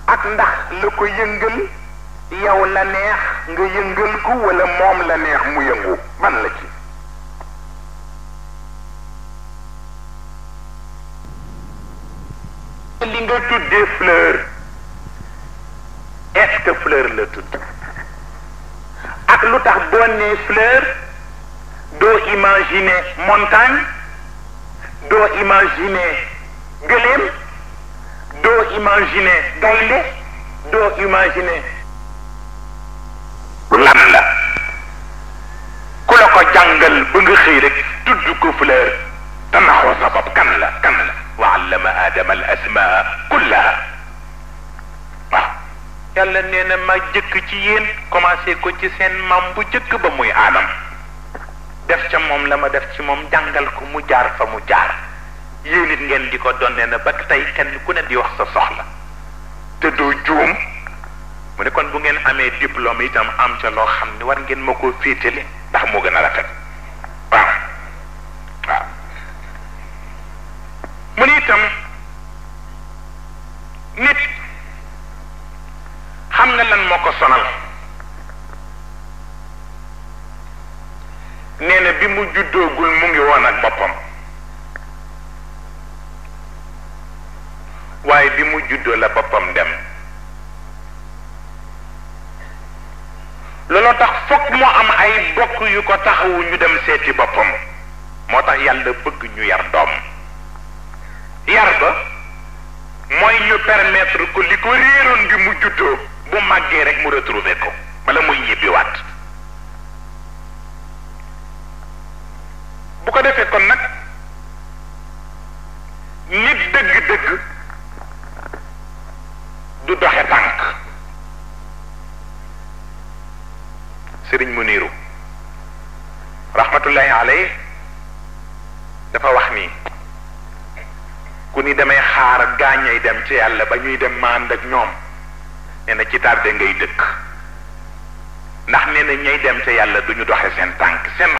ak ndax la ko yëngal yow la neex nga yëngal ko wala moom la neex mu yëngu man la ci li nga tuddee fleur est fleur la donné fleur d'où imaginer montagne d'où imaginer gëléem d'où imaginer gaynde d'où imaginer lan la ku la ko jàngal ba nga xëy rek tudd fleur te naxoo sabab kan la wa allama adama al asma kulla. yàlla nee na ma jëkk ci yéen commencé ko ci seen maam bu jëkk ba muy aadam def ca moom la ma def ci moom jàngal ko mu jaar fa mu jaar yéen it ngeen di ko donne na ba tey kenn ku ne di wax sa soxla te doo juum mu ne kon bu ngeen amee diplôme itam am ca loo xam ne war ngeen ma koo féetale ndax moo gën a rafet waaw waaw mu itam nit am na leen moo ko sonal nee na bi mu juddoogul mu ngi woon ak boppam waaye bi mu juddoo la boppam dem looloo tax fokk mu am ay bokk yu ko taxawu ñu dem seeti boppam moo tax yàlla bëgg ñu yar doom yar ba mooy ñu permettre ko li ko réeroon bi mu juddoo bu màggee rek mu retrouver ko bala muy ñibbiwaat bu ko defee kon nag nit dëgg-dëgg du doxe tànk sëriñ mu niiru rahmatullahi alay dafa wax nii ku ni damay xaar gaañay dem ci yàlla ba ñuy dem ma ak ñoom nee na ci tardé ngay dëkk ndax nee na ñay dem ca yàlla duñu doxe seen tànk seen